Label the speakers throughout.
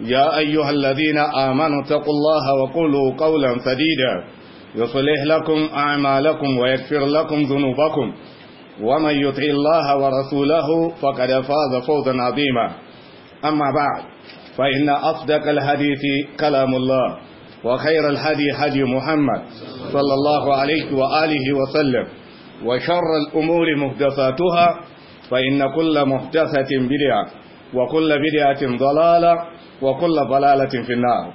Speaker 1: يا أيها الذين آمنوا اتقوا الله وقولوا قولا سديدا يصلح لكم أعمالكم ويكفر لكم ذنوبكم ومن يطع الله ورسوله فقد فاز فوزا عظيما أما بعد فإن أصدق الحديث كلام الله وخير الهدي هدي محمد صلى الله عليه وآله وسلم وشر الأمور محدثاتها فإن كل محدثة بدعة وكل بدعة ضلالة wa kulla balalatin finna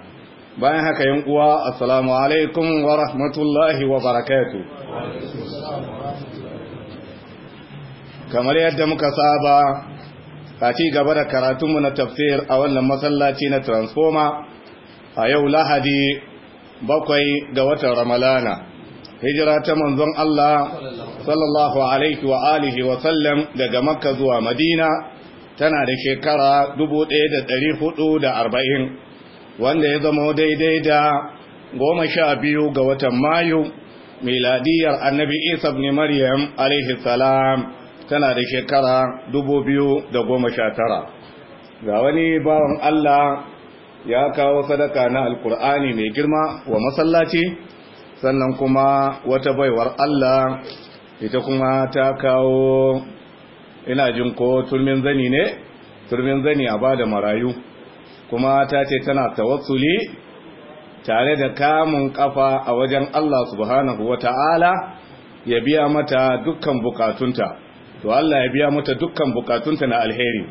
Speaker 1: bayan haka yan uwa assalamu alaikum wa rahmatullahi wa kamar yadda muka saba a ci gaba da karatunmu na tafsir a wannan masallaci na transformer a yau lahadi bakwai ga watan ramalana hijira ta manzon Allah sallallahu alaihi wa alihi wa sallam daga makka zuwa madina tana da shekara da da ɗari arba'in, wanda ya zama daidai da goma sha biyu ga watan mayu miladiyar annabi isa ibn maryam alaihi salam tana da shekara da goma sha tara. ga wani bawan Allah ya kawo sadaka na alkur'ani mai girma wa masallaci sannan kuma wata baiwar Allah ita kuma ta kawo ina jin ko turmin zani ne turmin zani a bada marayu kuma ta ce tana tawassuli tare da kamun kafa a wajen Allah subhanahu wata'ala ya biya mata dukkan bukatunta to Allah ya biya mata dukkan bukatunta na alheri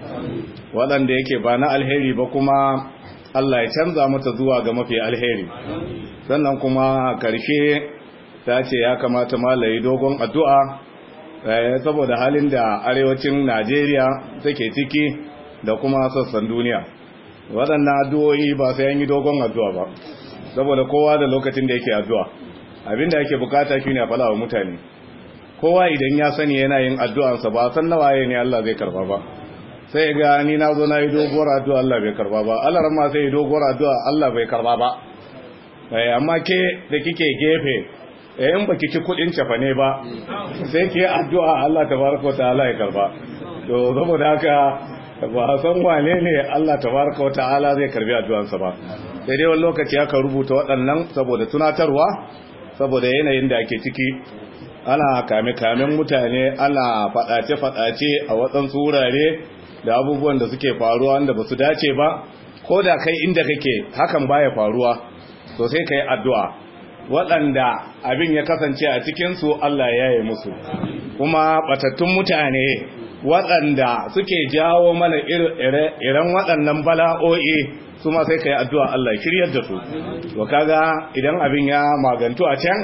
Speaker 1: waɗanda yake ba na alheri ba kuma Allah ya canza mata zuwa ga mafi alheri sannan kuma karshe ta ce ya kamata malayi dogon addu'a Eh, saboda halin da arewacin najeriya take ciki da kuma sassan duniya waɗannan addu'o'i ba sai an yi dogon addu'a ba saboda kowa da lokacin da yake addu'a abinda yake bukata shi ne a falawa mutane kowa idan ya sani yana yin addu'ansa ba san nawa ne Allah zai karba ba sai ga ni na zo na yi doguwar addu'a Allah bai karba ba Allah ramma ma sai doguwar addu'a Allah bai karba ba eh, amma ke da kike gefe Eh, in baki ci kudin cefa ne ba sai ki addu'a Allah tabaraka wa ta'ala ya karba to saboda haka ba san wane ne Allah tabaraka wa ta'ala zai karbi addu'ansa ba sai dai wani lokaci aka rubuta waɗannan saboda tunatarwa saboda yanayin da ake ciki ana kame-kamen mutane ana faɗace-faɗace a waɗansu wurare da abubuwan da suke faruwa wanda ba su dace ba ko da kai inda kake hakan baya faruwa sosai sai ka yi addu'a waɗanda abin ya kasance a cikinsu Allah ya yi musu kuma ɓatattun mutane waɗanda suke jawo mana irin waɗannan bala'o'i su ma sai ka yi addu'a Allah shiryar da su to kaga idan abin ya magantu a can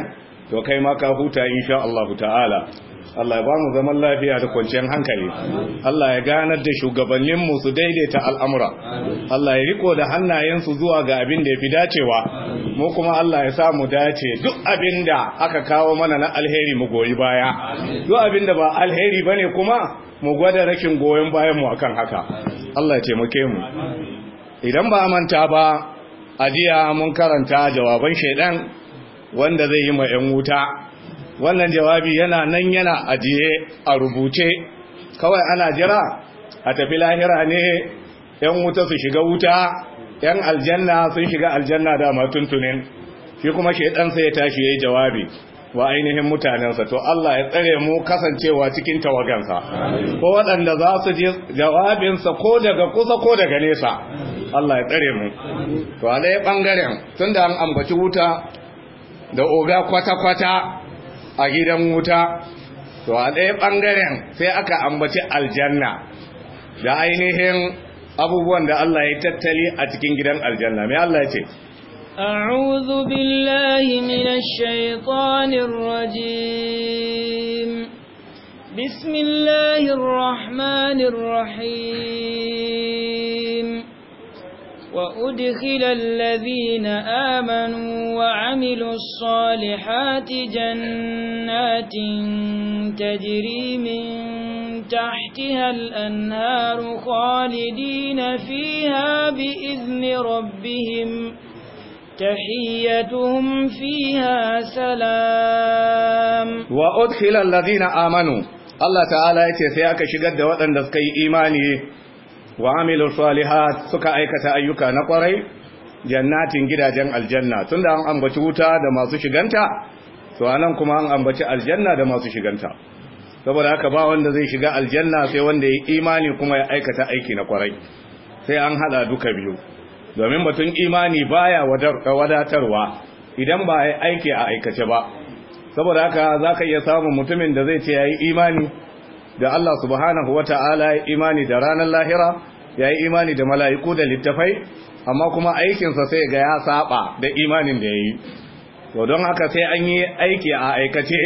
Speaker 1: to kai ma ka huta insha Allah ta'ala Allah ya ba mu zaman lafiya da kwanciyar hankali Allah ya ganar da shugabanninmu su daidaita al'amura Allah ya riko da hannayensu zuwa ga abin da ya fi dacewa mu kuma Allah ya sa mu dace duk abin da aka kawo mana na alheri mu goyi baya duk abin da ba alheri ne kuma mu gwada rashin goyon bayan mu akan haka Allah ya taimake mu idan ba manta ba a jiya mun karanta jawaban shaidan wanda zai yi ma 'yan wuta wannan jawabi yana nan yana ajiye a rubuce kawai ana jira a tafi lahira ne yan wuta su shiga wuta yan aljanna sun shiga aljanna da matuntunin shi kuma shi ɗansa ya tashi ya yi jawabi wa ainihin mutanensa to Allah ya tsare mu kasancewa cikin tawagansa ko waɗanda za su ji jawabinsa ko daga kusa ko daga nesa Allah ya tsare mu to a ɗaya ɓangaren tun da an ambaci wuta da oga kwata-kwata a gidan wuta to a ɗaya ɓangaren sai aka ambaci aljanna da ainihin abubuwan da Allah ya tattali a cikin gidan aljanna mai Allah ya ce
Speaker 2: أعوذ بالله من الشيطان الرجيم بسم الله الرحمن وأدخل الذين آمنوا وعملوا الصالحات جنات تجري من تحتها الأنهار خالدين فيها بإذن ربهم تحيتهم فيها سلام
Speaker 1: وأدخل الذين آمنوا الله تعالى يتسيأك شقد وطن دسكي إيماني wa amilu salihat suka aikata ayyuka na kwarai jannatin gidajen aljanna tunda an ambaci wuta da masu shiganta to anan kuma an ambaci aljanna da masu shiganta saboda haka ba wanda zai shiga aljanna sai wanda ya imani kuma ya aikata aiki na kwarai sai an hada duka biyu domin batun imani baya wadatarwa idan ba ya aiki a aikace ba saboda haka zaka iya samun mutumin da zai ce yayi imani da Allah subhanahu wa ta'ala ya imani da ranar lahira ya yi imani da mala'iku da littafai amma kuma aikinsa sai ga ya saba da imanin da ya yi to don haka sai an yi aiki a aikace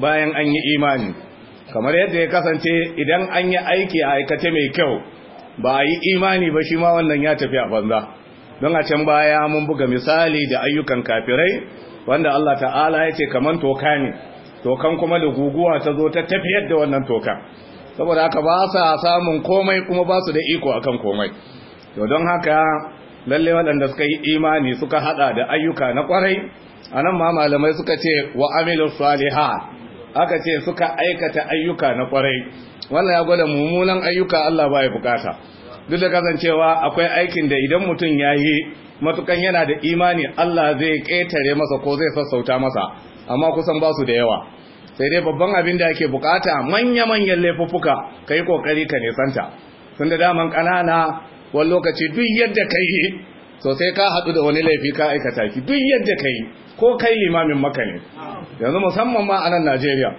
Speaker 1: bayan an yi imani kamar yadda ya kasance idan an yi aiki a aikace mai kyau ba a yi imani ba shi ma wannan ya tafi a banza don a can baya mun buga misali da ayyukan kafirai wanda Allah ta'ala ya ce kamar toka ne tokan kuma da guguwa ta zo ta tafiyar da wannan tokan saboda haka ba sa samun komai kuma ba su da iko akan komai to don haka lalle waɗanda suka yi imani suka hada da ayyuka na kwarai anan ma malamai suka ce wa amilu saliha aka ce suka aikata ayyuka na kwarai wannan ya gwada mummunan ayyuka Allah ba ya bukata duk da kasancewa akwai aikin da idan mutum ya yi matukan yana da imani Allah zai ƙetare masa ko zai sassauta masa amma kusan ba su da yawa sai dai babban abin da ake bukata manya-manyan laifuffuka ka yi ƙoƙari ka nisanta tun da daman ƙanana wani lokaci duk yadda ka yi so ka haɗu da wani laifi ka aikata ki duk yadda ka yi ko kai limamin maka ne yanzu musamman ma a nan najeriya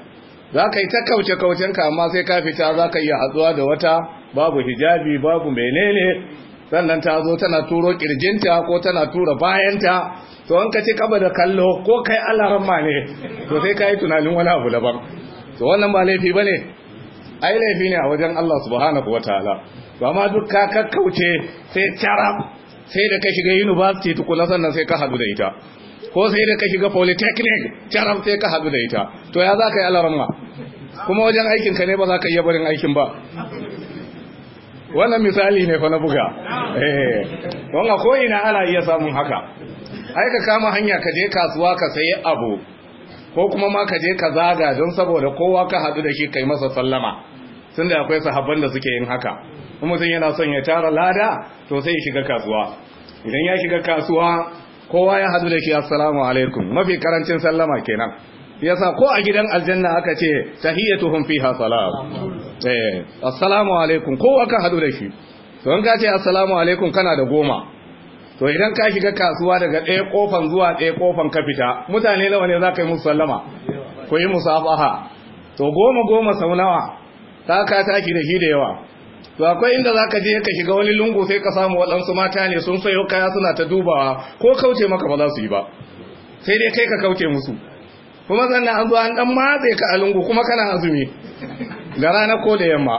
Speaker 1: za ka yi ta kauce kaucenka amma sai ka fita za ka iya hatsuwa da wata babu hijabi babu menene sannan ta zo tana turo kirjinta ko tana tura bayanta to an ka ce kaba da kallo ko kai alarma ne to sai ka yi tunanin wani abu daban to wannan ba laifi ba ne ai laifi ne a wajen Allah subhanahu wa ta'ala to amma duk ka kakkauce sai cara sai da ka shiga university tukuna sannan sai ka hadu da ita ko sai da ka shiga polytechnic carab sai ka hadu da ita to ya za ka yi alarma kuma wajen aikin ka ne ba za ka iya barin aikin ba wannan misali ne fa na buga eh wannan ko ina ana iya samun haka aika kama hanya ka je kasuwa ka sayi abu ko kuma ma ka je ka zaga don saboda kowa ka hadu da shi kai masa sallama sun da akwai sahabban da suke yin haka kuma mutum yana son ya tara lada to sai ya shiga kasuwa idan ya shiga kasuwa kowa ya hadu da shi assalamu alaikum mafi karancin sallama kenan yasa ko a gidan aljanna aka ce tahiyyatuhum fiha salam eh assalamu alaikum ko aka hadu da shi To an ce assalamu alaikum kana da goma to idan ka shiga kasuwa daga ɗaya kofan zuwa ɗaya kofan ka fita mutane nawa ne za ka yi musu sallama ko yi musafaha to goma goma sau nawa ta ka tashi da shi da yawa to akwai inda za ka je ka shiga wani lungu sai ka samu waɗansu mata ne sun sayo kaya suna ta dubawa ko kauce maka ba za su yi ba sai dai kai ka kauce musu kuma zan na zuwa dan matse ka a lungu kuma kana azumi da rana ko da yamma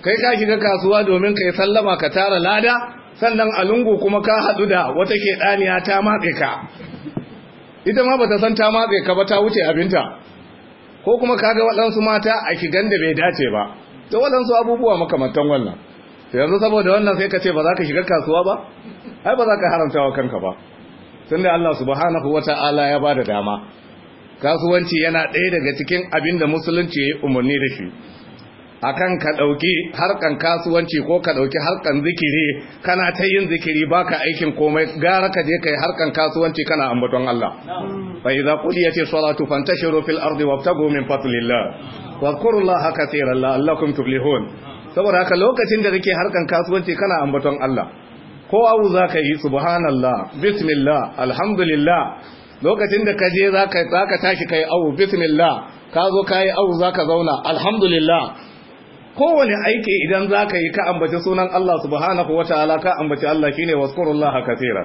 Speaker 1: kai ka shiga kasuwa domin kai sallama ka tara lada sannan a lungu kuma ka haɗu da wata ke daniya ta matse ka ita ma bata san ta matse ka ba ta wuce abinta ko kuma kaga waɗansu mata a kigan da bai dace ba to waɗansu abubuwa makamantan wannan yanzu saboda wannan sai ka ce ba za ka shiga kasuwa ba ai ba za ka haramta wa kanka ba tunda Allah subhanahu ta'ala ya ba da dama kasuwanci yana ɗaya daga cikin abin da musulunci ya yi umarni da shi akan ka ɗauki harkan kasuwanci ko ka ɗauki harkan zikiri kana ta yin zikiri baka aikin komai gara ka je yi harkan kasuwanci kana ambaton Allah fa idza quliyati salatu fantashiru fil ardi wabtagu min fadlillah wadhkurullaha katiran la'allakum tuflihun saboda haka lokacin da kake harkan kasuwanci kana ambaton Allah ko abu zaka yi subhanallah bismillah alhamdulillah lokacin da ka je za ka tashi ka yi awu bismillah ka zo ka yi awu za ka zauna alhamdulillah kowane aiki idan za ka yi ka ambaci sunan Allah subhanahu wa ta'ala ka ambaci Allah shine wasu kasira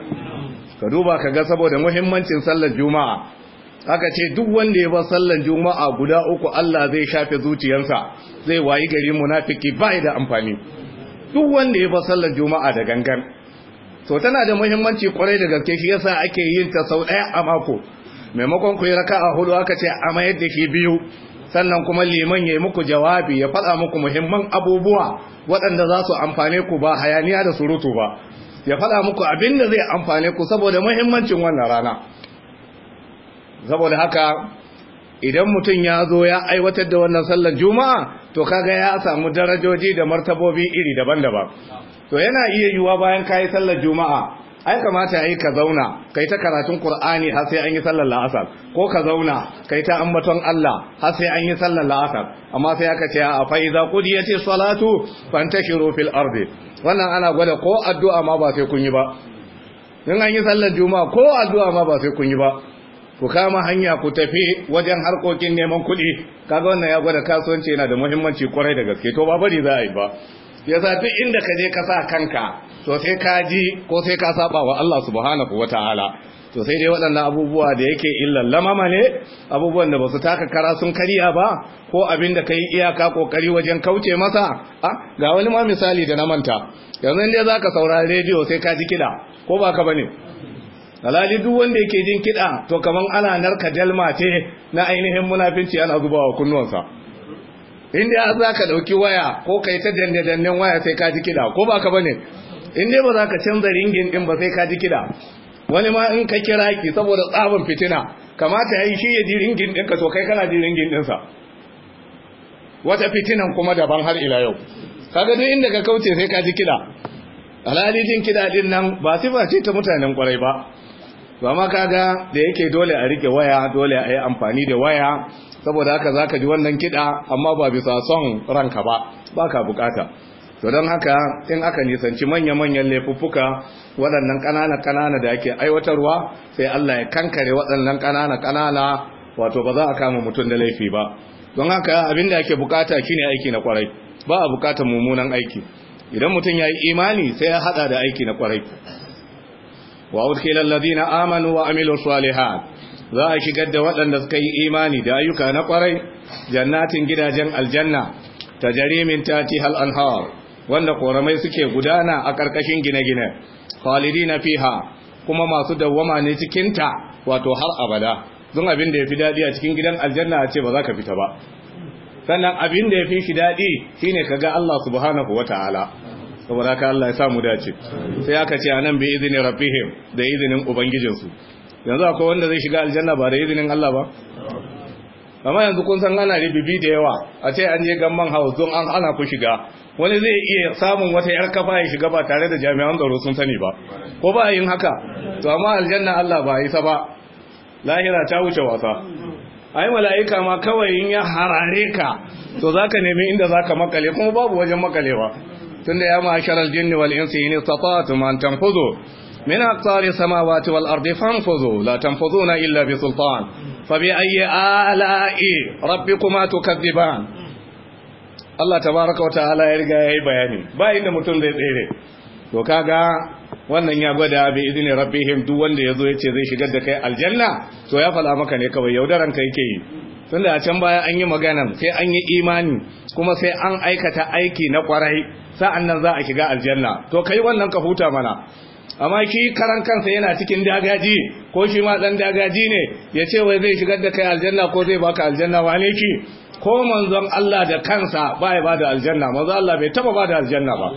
Speaker 1: ka duba ka ga saboda muhimmancin sallar juma'a aka ce duk wanda ya ba sallar juma'a guda uku Allah zai shafe zuciyarsa zai wayi gari munafiki bai da amfani duk wanda ya ba sallar juma'a da gangan so tana da muhimmanci kwarai da gaske shi yasa ake yin ta sau ɗaya a mako maimakon ku yi raka a hudu aka ce a mayar da shi biyu sannan kuma liman ya yi muku jawabi ya faɗa muku muhimman abubuwa waɗanda za su amfane ku ba hayaniya da surutu ba ya faɗa muku abin da zai amfane ku saboda muhimmancin wannan rana saboda haka idan mutum ya zo ya aiwatar da wannan sallar juma'a to kaga ya samu darajoji da martabobi iri daban-daban to yana iya yiwuwa bayan ka yi sallar juma'a ai kamata yi ka zauna kai ta karatun qur'ani har sai an yi sallar la'asar ko ka zauna kai ta ambaton Allah har sai an yi sallar la'asar amma sai aka ce a fa ya qudiyati salatu fantashiru fil ardi wannan ana gwada ko addu'a ma ba sai kun yi ba in an yi sallar juma'a ko addu'a ma ba sai kun yi ba ku kama hanya ku tafi wajen harkokin neman kuɗi kaga wannan ya gwada kasuwanci yana da muhimmanci kwarai da gaske to ba bari za a yi ba ya zafi inda ka je ka sa kanka to sai ka ji ko sai ka saba wa Allah subhanahu wataala to sai dai waɗannan abubuwa da yake illan lamama ne abubuwan da ba su taka kara sun kariya ba ko abin da ka yi iyaka kokari wajen kauce masa a ga wani ma misali da na manta yanzu inda za ka saura rediyo sai ka ji kiɗa ko ba ka bane? ne duk wanda yake jin kiɗa to kamar ana narka dalma ce na ainihin munafinci ana zubawa kunnuwansa inda za ka ɗauki waya ko ka yi ta danne-dannen waya sai ka ji kiɗa ko ba ka bane inda ba za ka canza ringin din ba sai ka ji kiɗa wani ma in ka kira ki saboda tsabin fitina kamata ya yi shi ya ji ringin ka to kai kana ji ringin ɗinsa wata fitinan kuma daban har ila yau kaga duk inda ka kauce sai ka ji kiɗa alhali jin kiɗa ɗin nan ba sifa ce ta mutanen kwarai ba ba ma kaga da yake dole a rike waya dole a yi amfani da waya saboda haka za ka ji wannan kiɗa amma ba bisa son ranka ba ba ka bukata to don haka in aka nisanci manya-manyan laifuffuka waɗannan ƙanana-ƙanana da ake aiwatarwa sai Allah ya kankare waɗannan ƙanana-ƙanana wato ba za a kama mutum da laifi ba don haka abin da ake bukata shine aiki na kwarai ba a bukatar mummunan aiki idan mutum ya yi imani sai ya haɗa da aiki na kwarai wa udkhilal ladina amanu wa amilu salihat za a shigar da waɗanda suka yi imani da ayyuka na kwarai jannatin gidajen aljanna ta jarimin tati hal hawa wanda ƙoramai suke gudana a ƙarƙashin gine-gine na fiha kuma masu dawwama ne cikin ta wato har abada don abin da ya fi daɗi a cikin gidan aljanna a ce ba za ka fita ba sannan abin da fi shi ne shine ga Allah subhanahu wataala saboda ka Allah ya sa dace sai aka ce anan bi izinin rabihim da izinin ubangijinsu yanzu akwai wanda zai shiga aljanna ba da izinin Allah ba amma yanzu kun san ana ribibi da yawa a ce an je gamman house don an ana ku shiga wani zai iya samun wata yar kafa ya shiga ba tare da jami'an tsaro sun sani ba ko ba yin haka to amma aljanna Allah ba isa ba lahira ta wuce wasa ai mala'ika ma kawai in ya harare ka to zaka nemi inda zaka makale kuma babu wajen makalewa tunda ya ma sharal jinni wal insi in istata'tum an tanfudu من أقطار السماوات والأرض فانفذوا لا تنفذون إلا بسلطان فبأي آلاء ربكما تكذبان Allah tabaraka wa ta'ala ya riga yayi bayani ba inda mutum zai tsere to kaga wannan ya gwada bi idini rabbihim duk wanda yazo yace zai shigar da kai aljanna to ya fala maka ne kawai yaudaran ka yake yi tunda a can baya an yi magana sai an yi imani kuma sai an aikata aiki na kwarai sa'annan za a shiga aljanna to kai wannan ka huta mana amma ki karan kansa yana cikin dagaji ko shi ma dan dagaji ne ya ce wai zai shigar da kai aljanna ko zai baka aljanna wane ki ko manzon Allah da kansa ba ya bada aljanna manzo Allah bai taba bada aljanna ba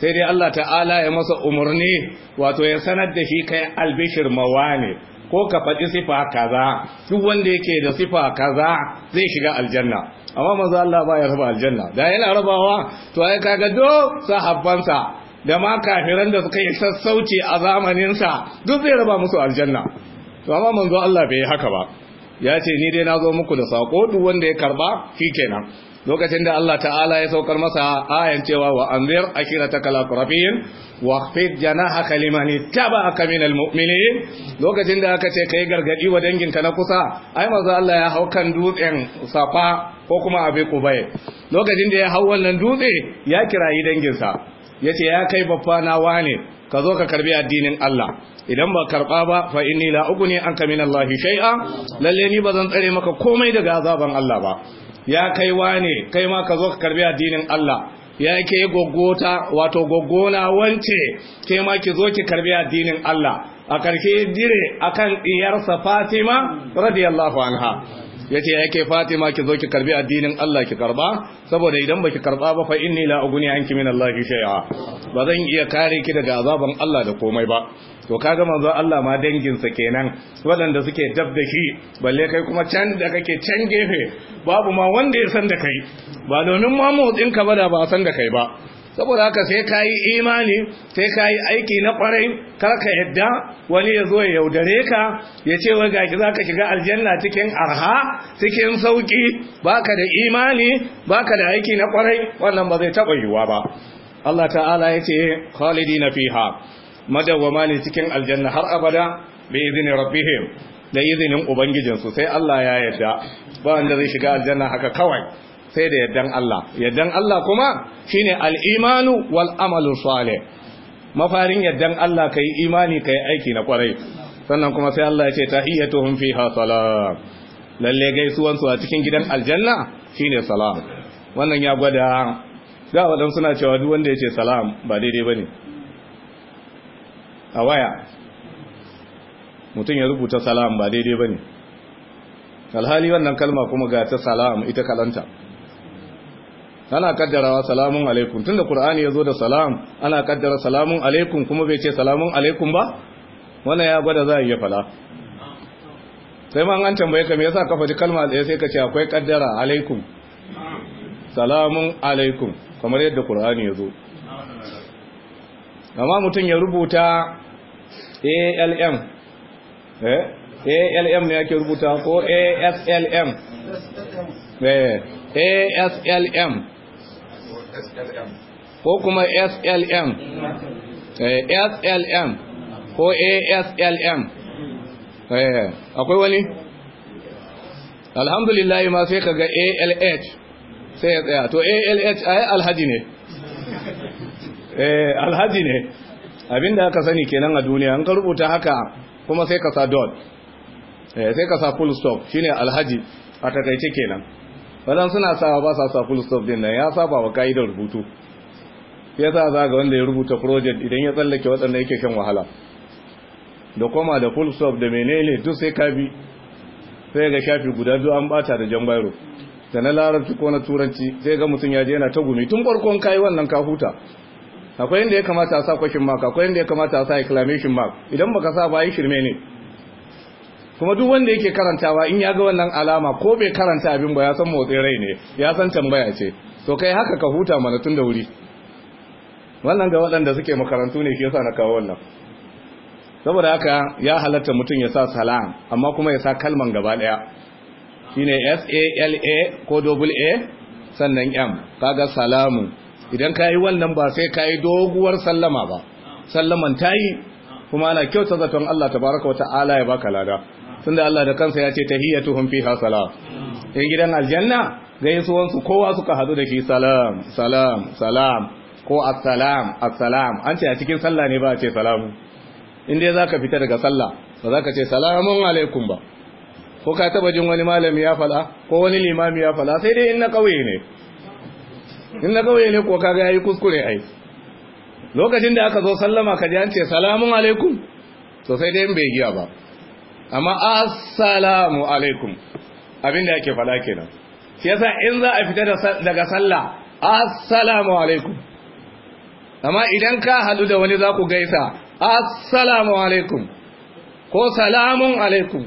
Speaker 1: sai dai Allah ta'ala ya masa umurni wato ya sanar da shi kai albishir ne, ko ka faɗi sifa kaza duk wanda yake da sifa kaza zai shiga aljanna amma manzo Allah ba ya raba aljanna da yana rabawa to ai kaga duk sahabbansa da ma kafiran da suka yi sassauci a zamaninsa duk zai raba musu aljanna to amma manzo Allah bai haka ba ya ce ni dai na zo muku da sako duk wanda ya karba kenan. lokacin da Allah ta'ala ya saukar masa ayan cewa wa anzir akirataka la qarafin wa khfid janahaka liman ittaba'aka min almu'minin lokacin da aka ce kai gargadi wa dangin ka na kusa ai manzo Allah ya hau dutsen safa ko kuma abi kubai lokacin da ya hau wannan dutse ya kirayi danginsa Ya ce ya kai baffa na wane ka zo ka karbi addinin Allah idan ba karba ba fa inni la ugni anka min Allah shay'a lalle ni bazan tsare maka komai daga azaban Allah ba ya kai wane kai ma ka zo ka karbi addinin Allah ya ke goggota wato goggona wance ke ma ki zo ki karbi addinin Allah a karke dire akan diyarsa Fatima radiyallahu anha Ya ce yake Fatima ki zo ki karbi addinin Allah ki karba saboda idan baki karba ba fa inni la uguni anki min Allah shay'a ba zan iya kare ki daga azaban Allah da komai ba to kaga manzo Allah ma dangin sa kenan waɗanda suke dab da shi balle kai kuma can da kake can gefe babu ma wanda ya san da kai ba domin ma motsin ka bada da ba san da kai ba saboda haka sai ka yi imani sai ka yi aiki na kwarai kar ka yadda wani ya zo ya yaudare ka ya ce wai gaki za ka shiga aljanna cikin arha cikin sauki baka da imani baka da aiki na kwarai wannan ba zai taɓa yiwuwa ba Allah ta'ala ya ce na fiha madawwama ne cikin aljanna har abada bi izinin rabbihim da izinin ubangijinsu sai Allah ya yarda ba wanda zai shiga aljanna haka kawai sai da yardan Allah yardan Allah kuma shine al-imanu wal amalu salih mafarin yardan Allah kai imani kai aiki na kwarai sannan kuma sai Allah ya ce tahiyatuhum fiha salam lalle gaisuwan su a cikin gidan aljanna shine salam wannan ya gwada ga wadan suna cewa duk wanda yace salam ba daidai bane a waya mutum ya rubuta salam ba daidai bane alhali wannan kalma kuma ga ta salam ita kalanta ana kaddarawa salamun alaikum tunda qur'ani yazo da salam ana kaddara salamun alaikum kuma bai ce salamun alaikum ba wannan ya gwada za a iya fala sai ma an tambaye ka me yasa ka faɗi kalma tsaye sai ka ce akwai kaddara alaikum salamun alaikum kamar yadda qur'ani yazo amma mutum ya rubuta ALM eh ALM ne yake rubuta ko ASLM eh, ASLM ko kuma slm eh, slm ko aslm eh, akwai wani alhamdulillah ma sai kaga alh sai ya tsaya to alh ai alhaji ne eh alhaji ne abinda aka sani kenan a duniya an ka rubuta haka kuma sai ka sa dot eh, sai ka sa full stop shine alhaji a takaice kenan wadan suna sawa ba sa sa full din nan ya saba wa ka'idar rubutu ya sa za ga wanda ya rubuta project idan ya tsallake waɗanda yake shan wahala da koma da full stop da menene duk sai ka bi sai ga shafi guda biyu an bata da jan bayro da na larabci ko na turanci sai ga mutum ya je yana ta gumi tun farkon kai wannan ka huta akwai inda ya kamata a sa question mark akwai inda ya kamata a sa exclamation mark idan baka sa ba yi shirme ne kuma duk wanda yake karantawa in ya ga wannan alama ko bai karanta abin ba ya san motsin rai ne ya san tambaya ce to kai haka ka huta mana tun da wuri wannan ga waɗanda suke makarantu ne ke sa na kawo wannan saboda haka ya halatta mutum ya sa salam amma kuma ya sa kalman gaba ɗaya shine s a l a ko double a sannan m kaga salamu idan kayi wannan ba sai kayi doguwar sallama ba sallaman tayi kuma ana kyauta zaton Allah tabaraka wa ta'ala ya baka lada da Allah da kansa ya ce tahiyyatuhum fiha salam in gidan aljanna gaisuwan su kowa suka hadu da shi salam salam salam ko assalam assalam an ce a cikin sallah ne ba a ce salamu in dai zaka fita daga sallah ba zaka ce salamun alaikum ba ko ka taba jin wani malami ya fada ko wani limami ya fada sai dai in na kauye ne in na kauye ne ko kaga yayi kuskure ai lokacin da aka zo sallama ka ji an ce salamun alaikum to sai dai in bai giya ba amma assalamu alaikum abin da yake fada kenan shi yasa in za a fita daga sallah assalamu alaikum amma idan ka hadu da wani za ku gaisa assalamu alaikum ko salamun alaikum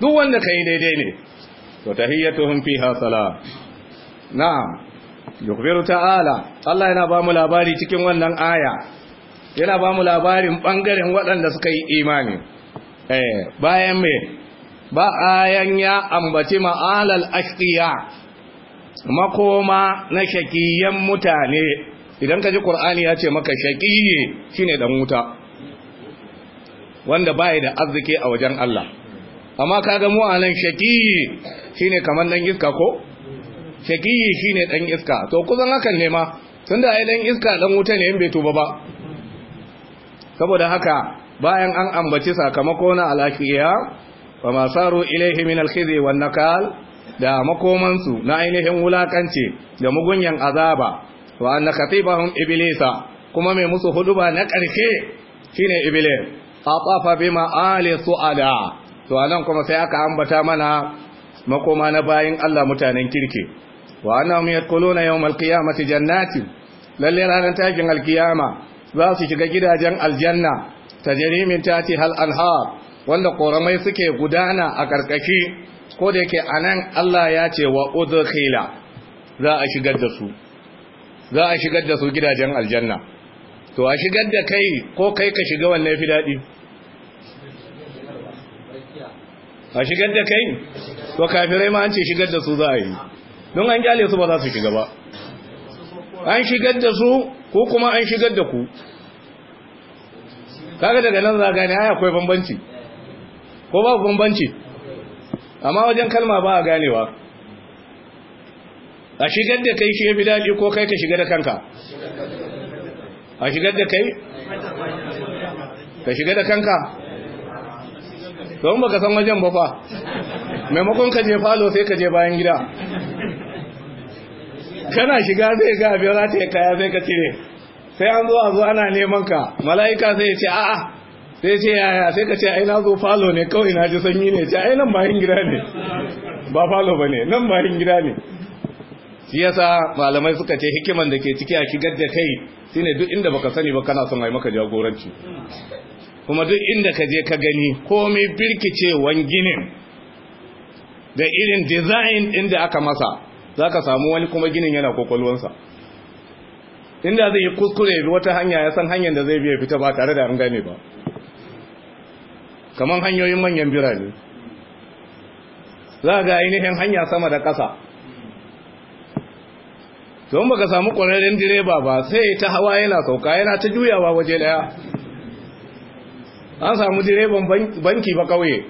Speaker 1: duk wanda ka yi daidai ne to tahiyyatuhum fiha salam na'am yukhbiru ta'ala Allah yana ba mu labari cikin wannan aya yana ba mu labarin bangaren waɗanda suka yi imani eh bayan me ayan ya ambaci ma'alal ashqiya makoma na shakiyan mutane idan ka ji qur'ani ya ce maka shakiyi shine dan wuta wanda bai da arziki a wajen Allah amma kaga mu anan shakiyi shine kamar dan iska ko shakiyi shine dan iska to kusan hakan ne ma tunda ai dan iska dan wuta ne in bai tuba ba saboda haka bayan an ambaci sakamako na alakiya wa masaru ilaihi min alkhizi wan nakal da makomansu na ainihin wulakanci da mugunyan azaba wa anna khatibahum iblisa kuma mai musu huduba na karshe shine iblis atafa bima ali suada to anan kuma sai aka ambata mana makoma na bayin Allah mutanen kirki wa annahum yaquluna yawm alqiyamati jannati lalle ranar takin alkiyama za su shiga gidajen aljanna tajri min tati hal anhar wanda koramai suke gudana a karkashi ko da yake anan Allah ya ce wa udkhila za a shigar da su za a shigar da su gidajen aljanna to a shigar da kai ko kai ka shiga wannan fi daɗi? a shigar da kai to kafirai ma an ce shigar da su za a yi don an kyale su ba za su shiga ba an shigar da su ko kuma an shigar da ku kaga daga nan za gane aya akwai bambanci ko ba bambanci amma wajen kalma ba a ganewa a shigar da kai shi ya fi daɗi ko kai ka shiga da kanka a shigar da kai ka shiga da kanka don baka san wajen ba fa maimakon ka je falo sai ka je bayan gida kana shiga zai ga abin rataye kaya zai ka cire sai an zo a zo ana neman ka mala'ika sai ya ce a'a sai ce yaya sai ka ce ai na zo falo ne kawai na ji sanyi ne ce ai nan bayan gida ne ba falo ba ne nan bayan gida ne shi yasa malamai suka ce hikiman da ke ciki a kigar da kai shine duk inda baka sani ba kana son ai maka jagoranci kuma duk inda ka je ka gani komai birkicewan ginin da irin design din da aka masa zaka samu wani kuma ginin yana kokolwansa inda zai yi kuskure bi wata hanya ya san hanyar da zai biya fita ba tare da an gane ba kamar hanyoyin manyan birane za ga ainihin hanya sama da ƙasa don baka samu ƙwararren direba ba sai ta hawa yana sauka yana ta juyawa waje daya an samu direban banki ba kauye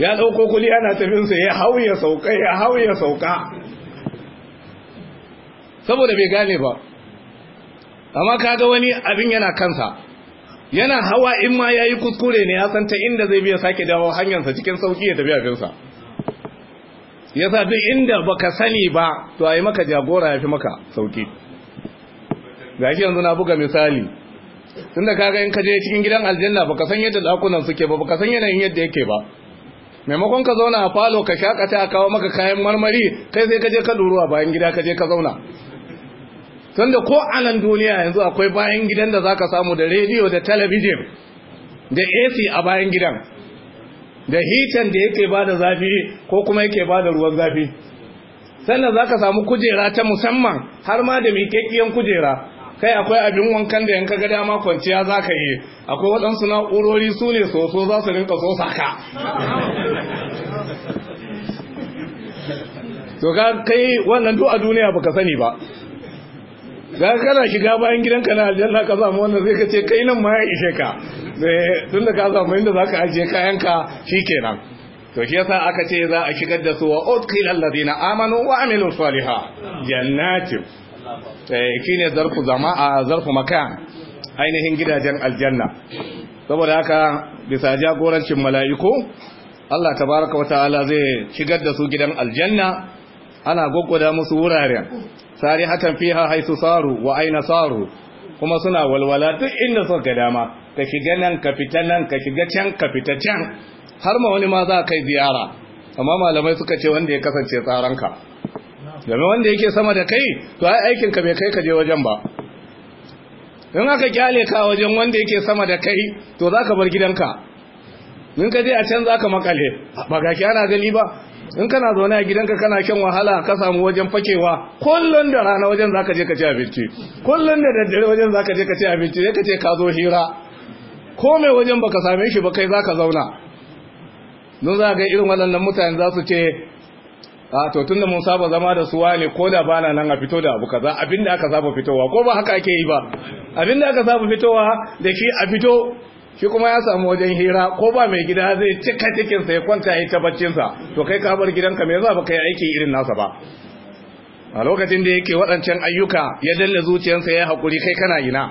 Speaker 1: ya ɗauko kuli ana tafinsa ya hau ya sauka ya hau ya sauka saboda bai gane ba amma kaga wani abin yana kansa yana hawa in ma yayi kuskure ne ya san ta inda zai biya sake dawo hanyarsa cikin sauki ya tafi abinsa yasa duk inda baka sani ba to ayi maka jagora yafi maka sauki shi yanzu na buga misali tunda kaga in ka je cikin gidan aljanna baka san yadda dakunan suke ba baka san yanayin yadda yake ba maimakon ka zauna a falo ka shakata a kawo maka kayan marmari kai sai ka je ka duru bayan gida ka je ka zauna tunda ko anan duniya yanzu akwai bayan gidan da zaka samu da rediyo da talabijin da AC a bayan gidan da hitan da yake bada zafi ko kuma yake bada ruwan zafi sannan zaka samu kujera ta musamman har ma da miƙaƙƙiyan kujera kai akwai abin wankan da yanka ga dama kwanciya za ka yi akwai waɗansu na'urori su ne soso za su rinka sosa ka to ka kai wannan duk a duniya baka sani ba ga kana shiga bayan gidanka na aljanna ka samu wannan sai ka ce kai nan ma ya ishe ka eh, tun da ka samu inda za ka ajiye kayanka shi kenan to shi yasa aka ce za a shigar da su wa utqil alladhina amanu wa amilu saliha jannati eh, shine zarfu jama'a zarfu makan ainihin gidajen aljanna saboda haka bisa jagorancin mala'iku Allah tabaraka wa ta'ala zai shigar da su gidan aljanna ana goggoda musu wuraren Sari fi ha haisu saru wa aina saru kuma suna walwala duk inda suka ga dama ka shiga nan ka fita nan ka shiga can ka fita can har ma wani ma za kai ziyara amma malamai suka ce wanda ya kasance tsaranka domin wanda yake sama da kai to ai aikin ka bai kai ka je wajen ba in aka kyale ka wajen wanda yake sama da kai to za ka bar gidanka in ka je a can za ka makale ba ga kyana ana gani ba in kana zaune a gidanka kana shan wahala ka samu wajen fakewa kullun da rana wajen zaka je ka ci abinci kullun da daddare wajen zaka je ka ci abinci sai ka ce ka zo hira ko me wajen baka same shi ba kai zaka zauna don za ga irin wannan mutane za su ce a to tunda mun saba zama da suwa ne ko da bana nan a fito da abu kaza abinda aka saba fitowa ko ba haka ake yi ba abinda aka saba fitowa da shi a fito shi kuma ya samu wajen hira ko ba mai gida zai cika cikinsa ya kwanta ya tabbacinsa to kai ka bar gidanka me za ba kai aiki irin nasa ba a lokacin da yake waɗancan ayyuka ya danna zuciyarsa ya haƙuri kai kana gina.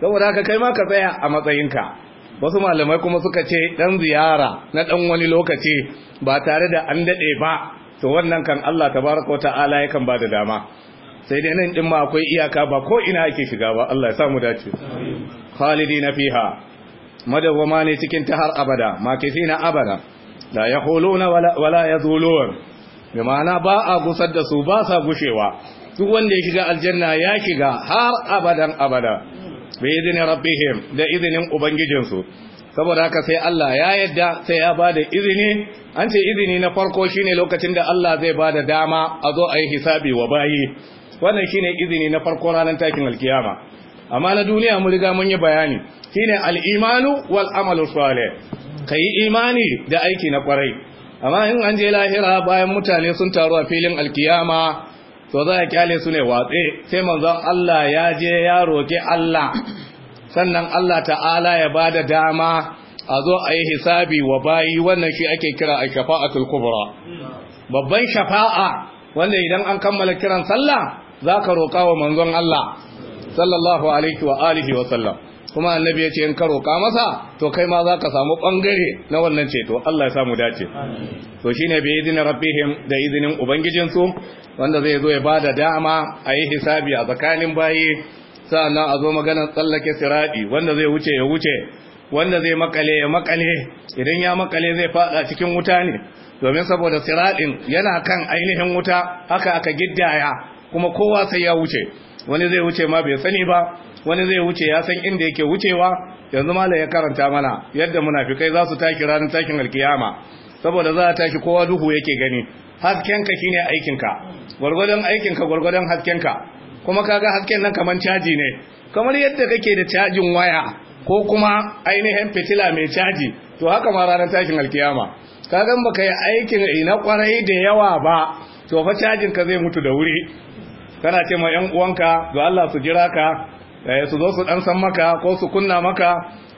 Speaker 1: saboda haka kai ma ka tsaya a matsayinka wasu malamai kuma suka ce ɗan ziyara na ɗan wani lokaci ba tare da an daɗe ba to wannan kan Allah tabaraka wa ta'ala yakan ba da dama sai dai nan ɗin ma akwai iyaka ba ko ina ake shiga ba Allah ya samu dace khalidina fiha madawwama ne cikin ta har abada makifina abada la yaquluna wala yazulun bi ma'ana ba a gusar da su ba sa gushewa duk wanda ya shiga aljanna ya shiga har abadan abada bi idni rabbihim da ubangijin ubangijinsu saboda haka sai Allah ya yadda sai ya bada izini an ce izini na farko shine lokacin da Allah zai bada dama a zo a yi hisabi wa bayi wannan shine izini na farko ranar takin alkiyama amma na duniya mun riga mun yi bayani shine al-imanu wal amalu salih kai imani da aiki na kwarai amma in an je lahira bayan mutane sun taru a filin alkiyama to za a kyale su ne watse sai manzon Allah ya je ya roke Allah sannan Allah ta'ala ya bada dama a zo a yi hisabi wa bayi wannan shi ake kira a shafa'atul kubra babban shafa'a wanda idan an kammala kiran sallah za ka roƙa wa manzon Allah sallallahu alaihi wa alihi wa sallam kuma annabi ya ce in karo ka masa to kai ma za ka samu bangare na wannan ceto Allah ya samu dace to shine bi idin rabbihim da idinin ubangijinsu wanda zai zo ya bada dama a yi hisabi a tsakanin bayi sa'annan a zo maganar tsallake siradi wanda zai wuce ya wuce wanda zai makale ya makale idan ya makale zai fada cikin wuta ne domin saboda siradin yana kan ainihin wuta haka aka giddaya kuma kowa sai ya wuce wani zai wuce ma bai sani ba wani zai wuce ya san inda yake wucewa yanzu mala ya karanta mana yadda munafikai za su taki ranar takin alkiyama saboda za a taki kowa duhu yake gani haskenka shine aikinka gwargwadon aikinka gwargwadon haskenka kuma kaga hasken nan kamar caji ne kamar yadda kake da cajin waya ko kuma ainihin fitila mai caji to haka ma ranar takin alkiyama kagan baka yi aikin ina kwarai da yawa ba to fa cajin ka zai mutu da wuri kana ce ma yan uwanka ga Allah su jira ka eh, su zo su dan san maka ko su kunna maka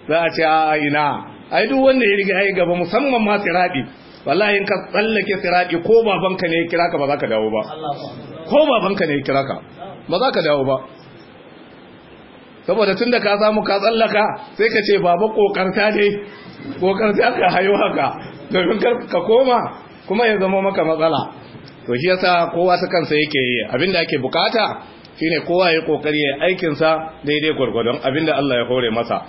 Speaker 1: za a ce a ina ai duk wanda ya riga ya gaba musamman ma siradi wallahi in ka tsallake siradi ko babanka ne ya kira ka ba za ka dawo ba ko babanka ne ya kira ka ba za ka dawo ba saboda tun da ka samu ka tsallaka sai ka ce baba kokarta ne kokarta ka hayo haka domin ka koma kuma ya zama maka matsala to shi yasa kowa ta kansa yake yi abinda ake bukata shine kowa ya kokari ya aikin sa daidai gurgurdon abinda Allah ya hore masa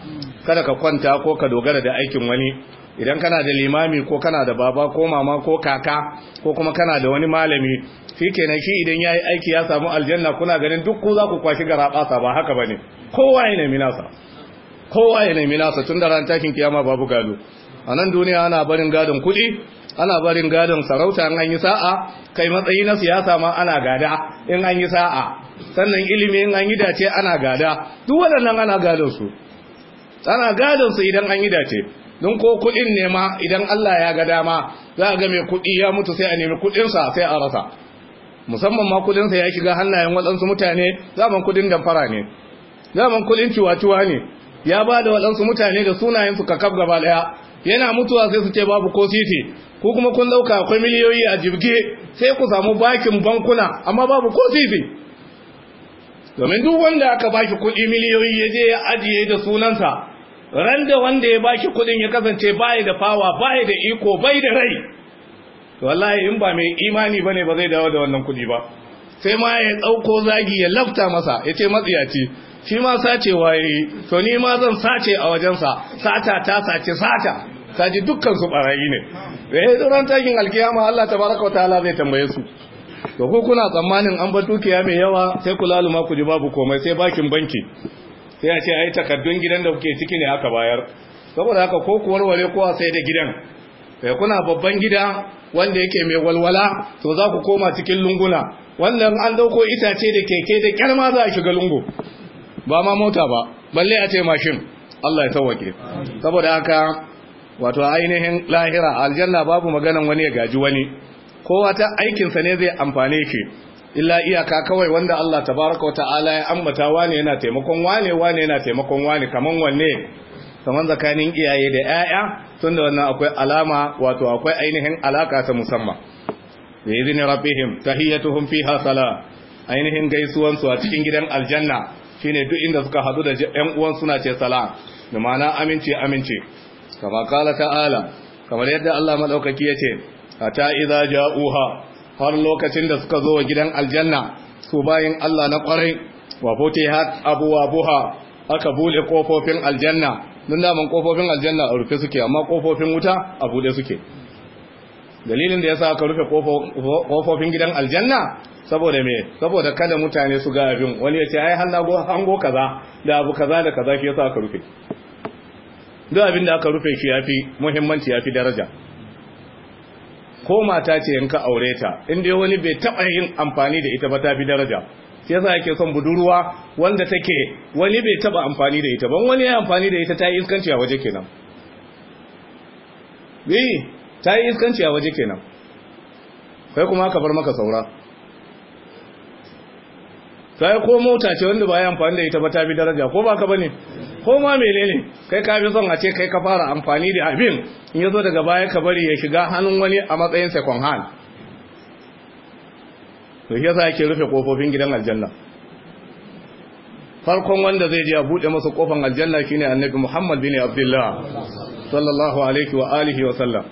Speaker 1: kada ka kwanta ko ka dogara da aikin wani idan kana da limami ko kana da baba ko mama ko kaka ko kuma kana da wani malami shikenan shi idan yayi aiki ya samu aljanna kuna ganin duk ku za ku kwashi sa ba haka bane kowa yana minasa kowa yana minasa tun da ran takin kiyama babu gado a nan duniya ana barin gadon kuɗi ana barin gadon sarauta in an yi sa'a kai matsayi na siyasa ma ana gada in an yi sa'a sannan ilimi in an yi dace ana gada duk waɗannan ana gadon su ana gadon su idan an yi dace don ko kuɗin ne ma idan Allah ya ga dama za a ga mai kuɗi ya mutu sai a nemi kuɗin sa sai a rasa musamman ma kuɗinsa ya shiga hannayen waɗansu mutane zaman kuɗin damfara ne zaman kuɗin ciwa-ciwa ne ya ba da waɗansu mutane da sunayen sunayensu kakaf gaba ɗaya yana mutuwa sai su ce babu ko titi ko kuma kun dauka akwai miliyoyi a jibge sai ku samu bakin bankuna amma babu ko sisi domin duk wanda aka baki kuɗi miliyoyi ya je ya ajiye da sunansa ran da wanda ya baki kuɗin ya kasance bai da fawa bai da iko bai da rai to wallahi in ba mai imani bane ba zai dawo da wannan kuɗi ba sai ma ya dauko zagi ya lafta masa ya ce matsiyaci shi ma sace waye? to ni ma zan sace a wajensa sata ta sace sata saji dukkan su barayi ne eh duran takin alkiyama Allah tabaraka wataala zai tambaye su to ko kuna tsammanin an bar dukiya mai yawa sai ku laluma ku ji babu komai sai bakin banki sai a ce ai takaddun gidan da kuke ciki ne aka bayar saboda haka ko ku warware kowa sai da gidan sai eh, kuna babban gida wanda yake mai walwala to za ku koma cikin lunguna wannan an dauko itace da keke da kyarma ma za a shiga lungu ba ma mota ba balle a ce mashin Allah ya tawake saboda haka wato ainihin lahira aljanna babu maganan wani ya gaji wani kowa ta aikinsa ne zai amfane shi illa iyaka kawai wanda Allah tabaraka wa ta'ala ya ambata wane yana taimakon wane wane yana taimakon wane kaman wanne kaman tsakanin iyaye da 'ya'ya tunda wannan akwai alama wato akwai ainihin alaka ta musamman bi idni rabbihim tahiyatuhum fiha sala ainihin gaisuwan su a cikin gidan aljanna shine duk inda suka hadu da ƴan uwan suna ce sala da ma'ana amince amince kama kala ta'ala kamar yadda Allah madaukaki yace ata iza ja'uha har lokacin da suka zo wa gidan aljanna su bayin Allah na kwarai wa abuwa buha aka bude kofofin aljanna mun da mun kofofin aljanna a rufe suke amma kofofin wuta a bude suke dalilin da yasa aka rufe kofofin gidan aljanna saboda me saboda kada mutane su ga abin wani ya ce ai hango kaza da abu kaza da kaza ke yasa aka rufe duk abin da aka rufe shi ya fi muhimmanci ya fi daraja ko mata ce in ka aure ta inda wani bai taɓa yin amfani da ita ba ta fi daraja sai yasa ke son budurwa wanda take wani bai taɓa amfani da ita ban wani ya amfani da ita ta yi iskanci a waje kenan eh ta yi iskanci a waje kenan kai kuma aka bar maka saura sai ko mota ce wanda ba ya amfani da ita ba ta fi daraja ko ba ka bane ko ma menene kai ka fi son a ce kai ka fara amfani da abin in zo daga baya ka bari ya shiga hannun wani a matsayin second hand to shi yasa yake rufe kofofin gidan aljanna farkon wanda zai je a bude masa kofan aljanna shine annabi Muhammad bin Abdullah sallallahu alaihi wa alihi wa sallam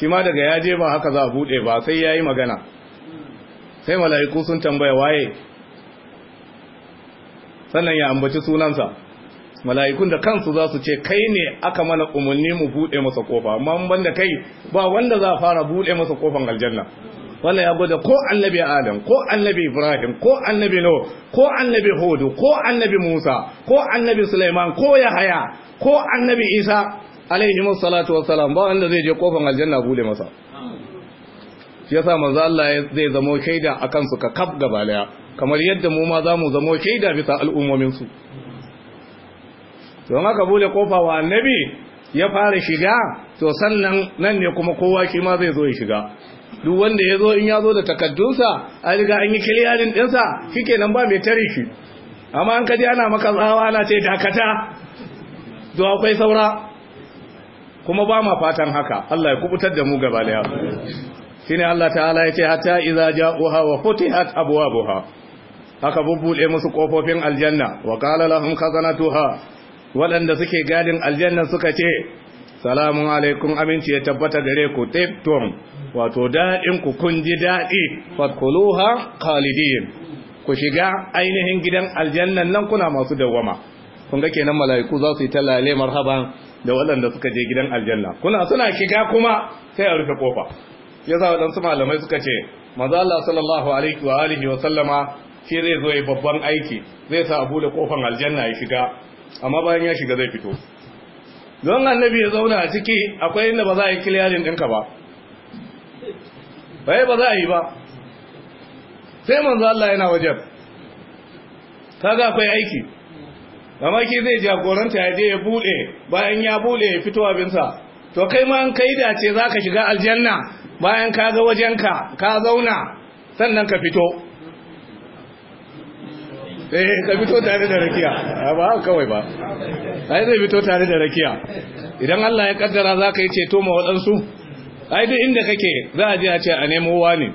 Speaker 1: shi ma daga ya je ba haka za a bude ba sai yayi magana sai mala'iku sun tambaya waye sannan ya ambaci sunansa mala'ikun da kansu za su ce kai ne aka mana umarni mu buɗe masa kofa amma ban da kai ba wanda za fara buɗe masa kofan aljanna wannan ya gwada ko annabi adam ko annabi ibrahim ko annabi no ko annabi hudu ko annabi musa ko annabi sulaiman ko yahaya ko annabi isa alaihi salatu salam ba wanda zai je kofan aljanna buɗe masa shi yasa manzo Allah zai zamo shaida akan su ka kaf gaba daya kamar yadda mu ma zamu zamo shaida bisa al'ummomin su don aka bude kofa wa annabi ya fara shiga to sannan nan ne kuma kowa shi ma zai zo ya shiga duk wanda ya zo in ya zo da takaddunsa a riga an yi kiliyarin ɗinsa shi kenan ba mai tare shi amma an kaji ana maka tsawa ana ce dakata to akwai saura kuma ba ma fatan haka Allah ya kubutar da mu gaba daya shine Allah ta'ala ya ce hatta idza ja'uha wa futihat abwabuha haka bubuɗe musu kofofin aljanna wa qala lahum khazanatuha waɗanda suke gadin aljanna suka ce salamun alaikum aminci ya tabbata gare ku tiftum wato daɗin ku kun ji daɗi fadkuluha khalidin ku shiga ainihin gidan aljannan nan kuna masu dawama? kun ga kenan mala'iku za su yi talale marhaban da waɗanda suka je gidan aljanna kuna suna shiga kuma sai a rufe kofa sa waɗansu malamai suka ce maza Allah sallallahu alaihi wa alihi wa sallama shi zai zo yi babban aiki zai sa abu da kofan aljanna ya shiga amma bayan ya shiga zai fito don annabi ya zauna a ciki akwai inda ba za a yi kiliyarin ɗinka ba bai ba za a yi ba sai manzo Allah yana wajen kaga akwai aiki amma ki zai jagoranta ya je ya bude bayan ya buɗe ya fito abinsa to kai ma an kai dace zaka shiga aljanna bayan ka ga wajenka ka zauna sannan ka fito eh ka fito tare da rakiya ah, ba kawai ba ai zai fito tare da rakiya idan Allah ya kaddara za ka yi ceto ma waɗansu ai duk inda kake za a je a ce a nemo wani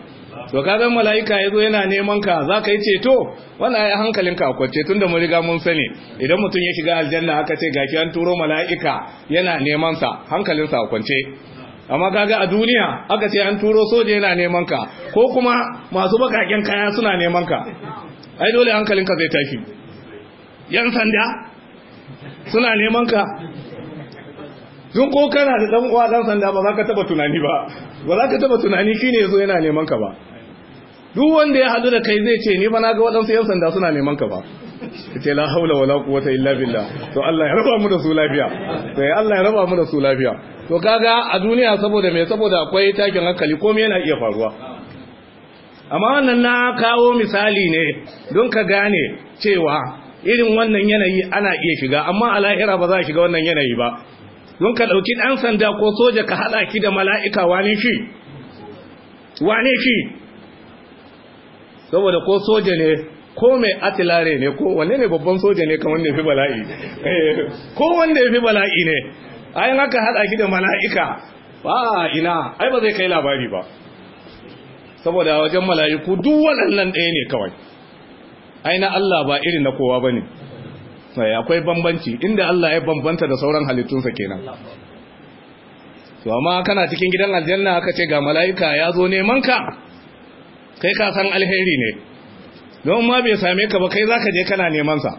Speaker 1: to ka zan mala'ika ya zo yana neman ka za ka yi ceto wannan ai hankalinka a kwance tun da mun riga mun sani idan mutum ya shiga aljanna aka ce gaki an turo mala'ika yana neman sa hankalin a kwance amma kaga a duniya aka ce an turo soja yana neman ka ko kuma masu bakaken kaya suna neman ka ai dole hankalinka zai tashi yan sanda suna neman ka Dun ko kana da dan uwa dan sanda ba za ka taba tunani ba ba za ka taba tunani shine yazo yana neman ka ba duk wanda ya hadu da kai zai ce ni ba na ga wadansu yan sanda suna neman ka ba ce la haula wala quwwata illa billah to Allah ya raba mu da su lafiya to eh, Allah ya raba mu da su lafiya to kaga a duniya saboda me saboda akwai takin hankali komai yana iya faruwa amma wannan na kawo misali ne don ka gane cewa irin wannan yanayi ana iya shiga amma a lahira ba za a shiga wannan yanayi ba don ka ɗauki ɗan sanda ko soja ka haɗa ki da mala'ika wane shi wane shi saboda ko soja ne ko mai atilare ne ko wanne ne babban soja ne kamar ne fi bala'i eh, ko wanda ya fi bala'i ne ayin haka haɗa ki da mala'ika ba ina ai ba zai kai labari ba saboda wajen mala'iku duk waɗannan ɗaya ne kawai aina Allah ba irin na kowa ba ne akwai bambanci inda Allah ya bambanta da sauran halittunsa kenan to amma kana cikin gidan aljanna aka ce ga mala'ika ya zo neman ka kai ka san alheri ne don ma bai same ka ba kai zaka je kana nemansa. sa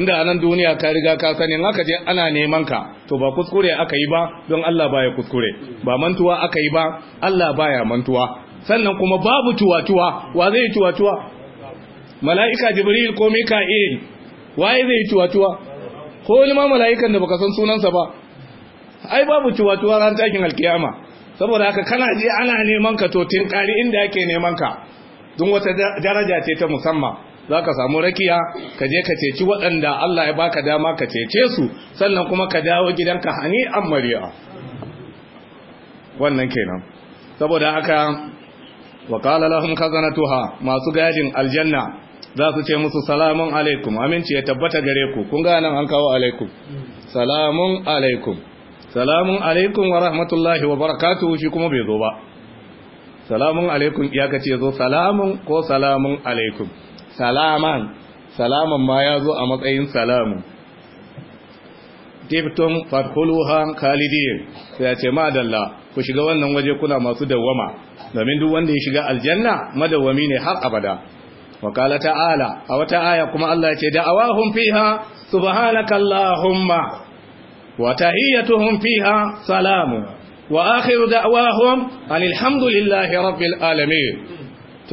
Speaker 1: tunda anan duniya ka riga ka sani aka je ana neman ka to ba kuskure aka yi ba don Allah baya kuskure ba mantuwa aka yi ba Allah baya mantuwa sannan kuma babu tuwatuwa wa zai tuwatuwa mala'ika jibril ko mika'il waye zai tuwatuwa ko wani ma mala'ikan da baka san sunansa ba ai babu tuwatuwa ran takin alkiyama saboda haka kana je ana neman ka to kari inda yake neman ka don wata daraja ce ta musamman za ka samu rakiya ka je ka ceci waɗanda Allah ya baka dama ka cece su sannan kuma ka dawo gidanka hani an mariya wannan kenan saboda haka wa kala lahum khazanatuha masu gadin aljanna za su ce musu salamun alaikum aminci ya tabbata gare ku kun ga nan an kawo alaikum salamun alaikum salamun alaikum wa rahmatullahi wa barakatuhu shi kuma bai zo ba salamun alaikum ya kace zo salamun ko salamun alaikum salaman salaman ma ya zo a matsayin salamun tibtum fadkhuluha khalidin sai ya ce madalla ku shiga wannan waje kuna masu dawwama domin duk wanda ya shiga aljanna madawwami ne har abada Wakala ta'ala a wata aya kuma Allah ya ce da'awahum fiha subhanakallahumma wa tahiyyatuhum fiha salamu wa akhiru da'awahum alhamdulillahi rabbil alamin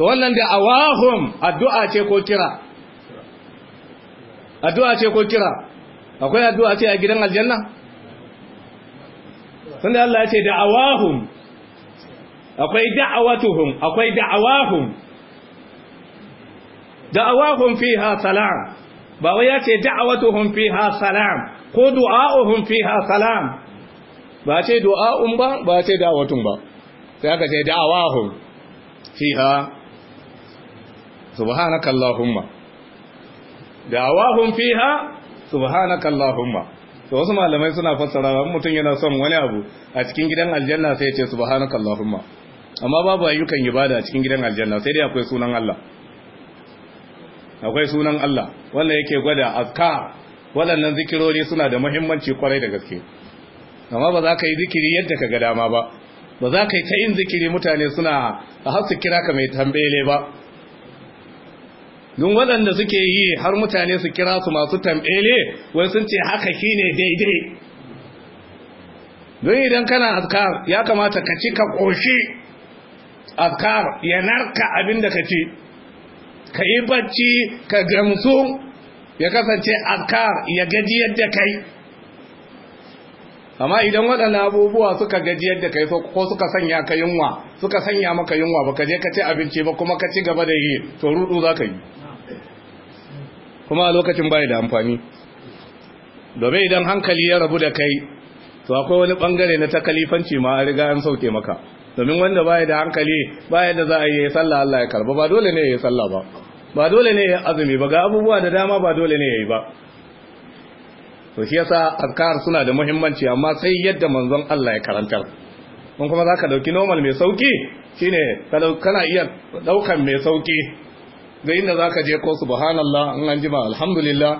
Speaker 1: to wannan da'awahum addu'a ce ko kira addu'a ce ko kira akwai addu'a ce a gidan aljanna sanda Allah ya ce da'awahum akwai da'awatuhum akwai da'awahum da'awahum fiha salam ba wai ya ce da'awatuhum fiha salam ko du'a'uhum fiha salam ba ce du'a'un ba ba ce da'awatun ba sai aka ce da'awahum fiha subhanakallahumma da'awahum fiha subhanaka allahumma to wasu malamai suna fassara, fassarawa mutum yana son wani abu a cikin gidan aljanna sai ya ce subhanaka allahumma amma babu ayyukan ibada a cikin gidan aljanna sai dai akwai sunan Allah akwai sunan Allah wanda yake gwada aska. Wadannan zikirori suna da muhimmanci kwarai da gaske amma ba za ka yi zikiri yadda ka ga dama ba ba za ka yi ta yin zikiri mutane suna a har su kira ka mai tambele ba don waɗanda suke yi har mutane su kira su masu tambele wai sun ce haka shi ne daidai don idan kana askar ya kamata ka ci ka ƙoshi askar ya narka abin da ka ci ka yi bacci ka gamsu ya kasance askar ya gaji yadda kai amma idan waɗannan abubuwa suka ka yi kai ko suka sanya ka yunwa suka sanya maka yunwa ba ka je ka ci abinci ba kuma ka ci gaba da yi to rudu za ka yi kuma a lokacin bai da amfani domin idan hankali ya rabu da kai to akwai wani bangare na takalifanci ma a riga an sauke maka domin wanda baya da hankali baya da za a yi sallah Allah ya karba ba dole ne ya yi sallah ba ba dole ne ya azumi ba ga abubuwa da dama ba dole ne ya yi ba to shi yasa azkar suna da muhimmanci amma sai yadda manzon Allah ya karantar kun kuma zaka dauki normal mai sauki shine kana iya daukan mai sauki ga inda zaka je ko subhanallah in an jima alhamdulillah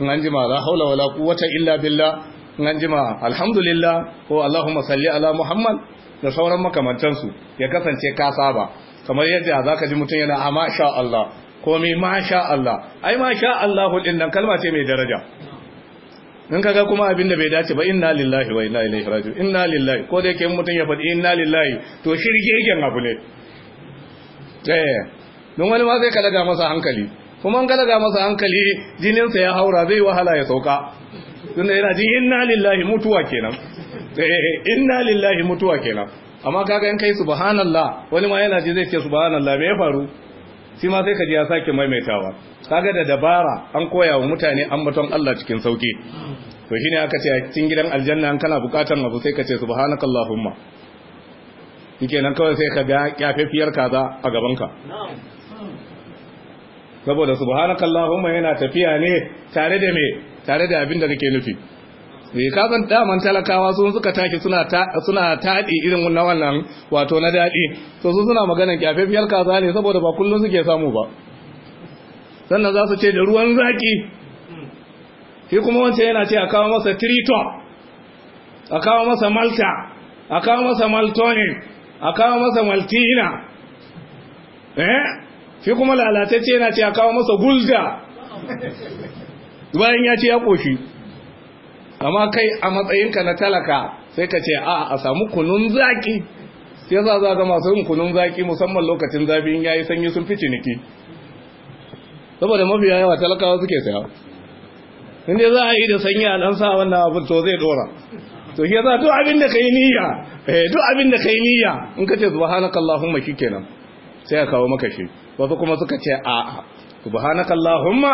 Speaker 1: in an jima la haula wala quwwata illa billah in an jima alhamdulillah ko allahumma salli ala muhammad da sauran makamantansu ya kasance ka saba kamar yadda zaka ji mutum yana amma ah, sha Allah komai masha Allah ai masha Allahu nan kalma ce mai daraja in kaga kuma abin da bai dace ba inna lillahi wa inna ilaihi raji'un inna lillahi ko dai yake mutum ya faɗi inna lillahi to yake abu ne eh don wani ma zai kalaga masa hankali kuma an kalaga masa hankali jinin sa ya haura zai wahala ya sauka tunda yana jin inna lillahi mutuwa kenan eh inna lillahi mutuwa kenan amma kaga in kai subhanallah wani ma yana ji zai ce subhanallah me ya faru shi ma sai ka ji ya sake maimaitawa kaga da dabara an koya wa mutane ambaton Allah cikin sauki to shine aka ce a cikin gidan aljanna an kana bukatar abu sai ka ce subhanakallahumma nan kawai sai ka ga kyafefiyar kaza a gaban ka? saboda subhanakallahumma yana tafiya ne tare da me tare da abin da kake nufi me eh, ka san daman talakawa sun suka tashi suna suna taɗi irin wannan wannan wato na daɗi to su suna maganar kyafefiyar kaza ne saboda ba kullum suke samu ba sannan za su ce da ruwan zaki shi kuma wancan yana ce a kawo masa Triton, a kawo masa malta a kawo masa maltonic a kawo masa maltina eh shi kuma lalatacce yana ce a kawo masa gulda bayan ya ce ya koshi amma kai a matsayinka na talaka sai ka ce a a samu kunun zaki sai za za ga masu yin kunun zaki musamman lokacin zafi in yayi sanyi sun fi ciniki saboda mafi yawa talakawa suke saya inda za a yi da sanyi a ɗan sa wannan abin to zai dora to shi yasa duk abin da kai niyya eh duk abin da kai niyya in ka ce subhanakallahumma shikenan sai ka kawo maka shi wasu kuma suka ce a'a subhanakallahumma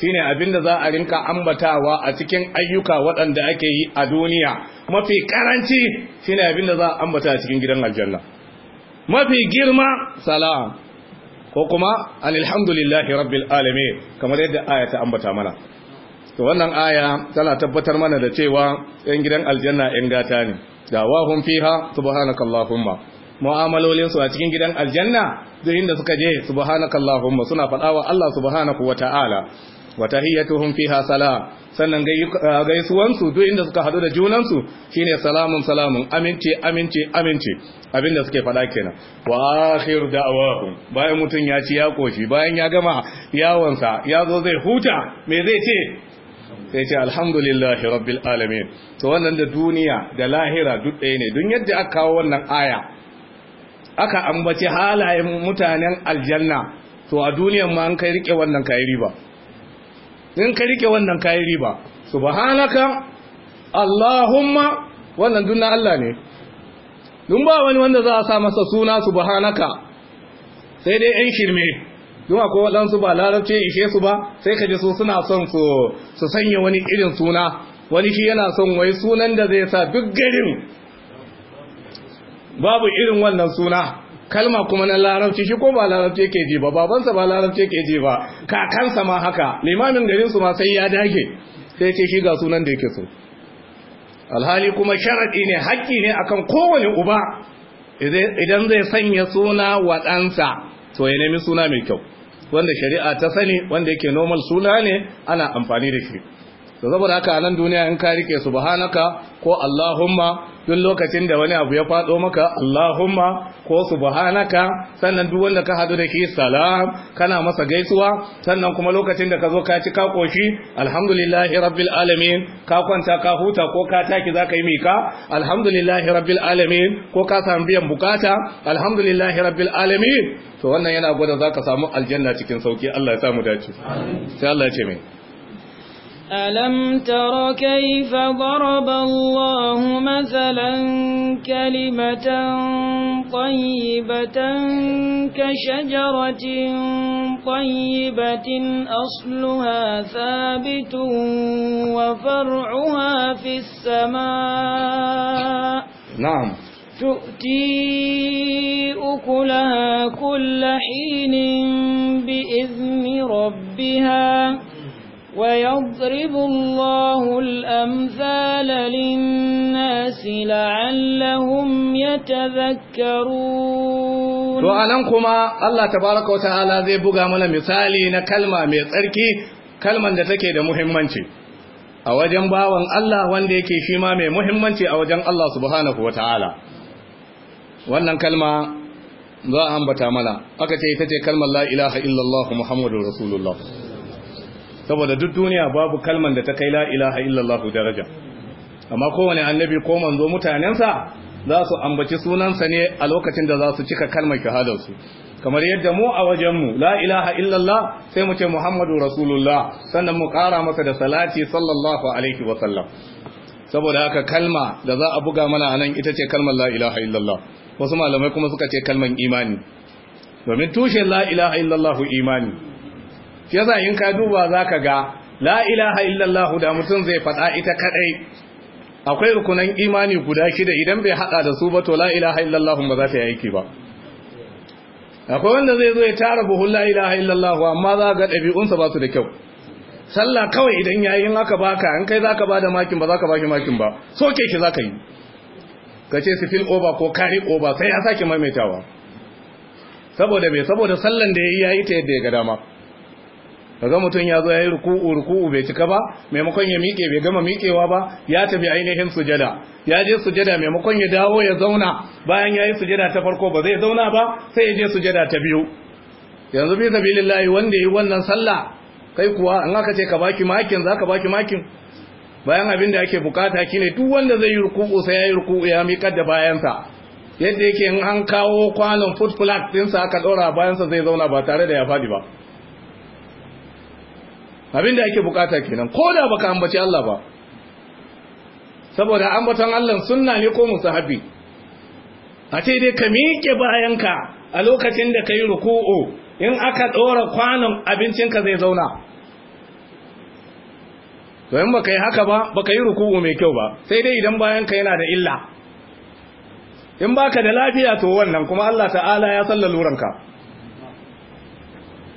Speaker 1: shine abin da za a rinka ambatawa a cikin ayyuka waɗanda ake yi a duniya mafi karanci shine abin da za a ambata a cikin gidan aljanna mafi girma salam ko kuma alhamdulillahi rabbil alamin kamar yadda aya ta ambata mana to wannan aya tana tabbatar mana da cewa yan gidan aljanna yan gata ne da dawahum fiha subhanakallahumma mu'amalolin su a cikin gidan aljanna duk inda suka je subhanakallahumma suna faɗawa Allah subhanahu wata'ala wa tahiyyatuhum fiha salam sannan gaisuwansu su duk inda suka hadu da junansu shine salamun salamun aminci aminci aminci abinda suke fada kenan wa akhir da'awahum bayan mutun ya ci ya koshi bayan ya gama yawon sa ya zo zai huta me zai ce sai ce alhamdulillahi rabbil alamin to wannan da duniya da lahira duk ɗaya ne don yadda aka kawo wannan aya aka ambaci halayen mutanen aljanna to a duniyan ma an kai rike wannan kai riba in ka rike wannan kayi riba subhanaka allahumma wannan duna Allah ne dun ba wani wanda za a sa masa suna subhanaka sai dai yan shirme dun akwai waɗansu ba larabci ishe su ba sai ka ji su suna son su sanya wani irin suna wani shi yana son wai sunan da zai sa duk garin babu irin wannan suna kalma kuma na larabci shi ko ba larabci yake ji ba babansa ba larabci yake ji ba kakansa ma haka limamin garin su ma sai ya dage sai ce shi ga sunan da yake so alhali kuma sharadi ne haƙƙi ne akan kowane uba idan zai sanya suna wa to ya nemi suna mai kyau wanda shari'a ta sani wanda yake normal suna ne ana amfani da shi saboda haka a nan duniya in ka rike subhanaka ko allahumma duk lokacin da wani abu ya faɗo maka Allahumma ko subhanaka sannan duk wanda ka hadu da shi salam kana masa gaisuwa sannan kuma lokacin da ka zo ka ci ka koshi alhamdulillahi rabbil alamin ka kwanta ka huta ko ka taki zaka yi mika alhamdulillahi rabbil alamin ko ka samu biyan bukata alhamdulillahi rabbil alamin to wannan yana gwada zaka samu aljanna cikin sauki Allah ya samu dace sai Allah ya ce mai
Speaker 2: ألم تر كيف ضرب الله مثلا كلمة طيبة كشجرة طيبة أصلها ثابت وفرعها في السماء نعم تؤتي أكلها كل حين بإذن ربها ويضرب الله الأمثال للناس لعلهم يتذكرون to anan kuma
Speaker 1: Allah tabaraka wa ta'ala zai buga mana misali na kalma mai tsarki kalman da take da muhimmanci a wajen bawan Allah wanda yake shi ma mai muhimmanci a wajen Allah subhanahu wa ta'ala wannan kalma za a ambata mana aka ce ita ce kalmar la ilaha illallah muhammadur rasulullah saboda duk duniya babu kalman da ta kai la ilaha illallah daraja amma kowane annabi ko manzo mutanensa za su ambaci sunansa ne a lokacin da za su cika kalmar shahadarsu kamar yadda mu a wajenmu la ilaha illallah sai mu ce muhammadu rasulullah sannan mu ƙara masa da salati sallallahu alaihi sallam. saboda haka kalma da za a buga mana anan ita ce kalmar la ilaha illallah wasu malamai kuma suka ce kalmar imani domin tushen la ilaha illallah imani yasa in ka duba zaka ga la ilaha illallah da mutum zai faɗa ita kadai akwai rukunan imani guda shida idan bai hada da su ba to la ilaha illallah ba za ta yi ba akwai wanda zai zo ya tara buhu la ilaha illallah amma za ga ɗabi'unsa ba su da kyau sallah kawai idan yayi in aka baka in kai zaka bada makin ba zaka baki makin ba soke shi zaka yi kace fil over ko kari over sai ya sake maimaitawa saboda me saboda sallan da yayi yayi ta yadda ya ga dama kaga mutum ya zo ya yi ruku'u ruku'u bai cika ba maimakon ya miƙe bai gama miƙewa ba ya tafi ainihin sujada ya je sujada maimakon ya dawo ya zauna bayan ya yi sujada ta farko ba zai zauna ba sai ya je sujada ta biyu yanzu bi sabilillahi wanda yi wannan sallah kai kuwa an aka ce ka baki makin zaka baki makin bayan abin da ake bukata kine duk wanda zai yi ruku'u sai ya yi ruku'u ya miƙar da bayansa yadda yake in an kawo kwanon foot flag ɗinsa aka ɗora bayansa zai zauna ba tare da ya faɗi ba abin da ake bukata kenan ko da baka ambaci Allah ba saboda ambaton Allah sunna ne ko musahabi a ce dai ka miƙe bayanka a lokacin da kai ruku'u in aka ɗora kwanon ka zai zauna to in baka yi haka ba baka yi ruku'u mai kyau ba sai dai idan bayanka yana da illa in baka da lafiya to wannan kuma Allah ta'ala ya salla luranka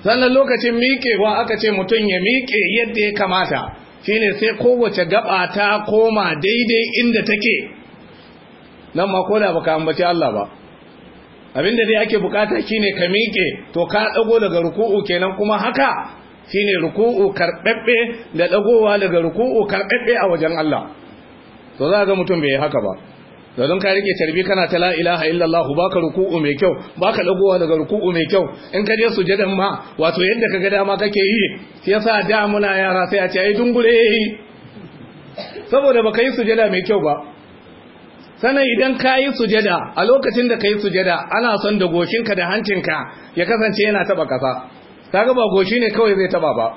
Speaker 1: sannan lokacin miƙewa aka ce mutum ya miƙe yadda ya kamata shine sai kowace gaba ta koma daidai inda take nan ma ko da ka ambaci Allah ba abinda dai ake bukata shine ka miƙe to ka ɗago daga ruku'u kenan kuma haka shine ruku'u karɓaɓɓe da ɗagowa daga ruku'u karɓaɓɓe a wajen Allah to za ga mutum bai yi haka ba da ka rike tarbi kana ta la ilaha illallah baka ruku'u mai kyau baka dagowa daga ruku'u mai kyau in ka je sujadan ma wato yadda kaga dama kake yi ya yasa da muna yara sai a ce ai dungure saboda baka yi sujada mai kyau ba sanan idan ka yi sujada a lokacin da ka yi sujada ana son da goshinka da hancinka ya kasance yana taba kasa kaga ba goshi ne kawai zai taba ba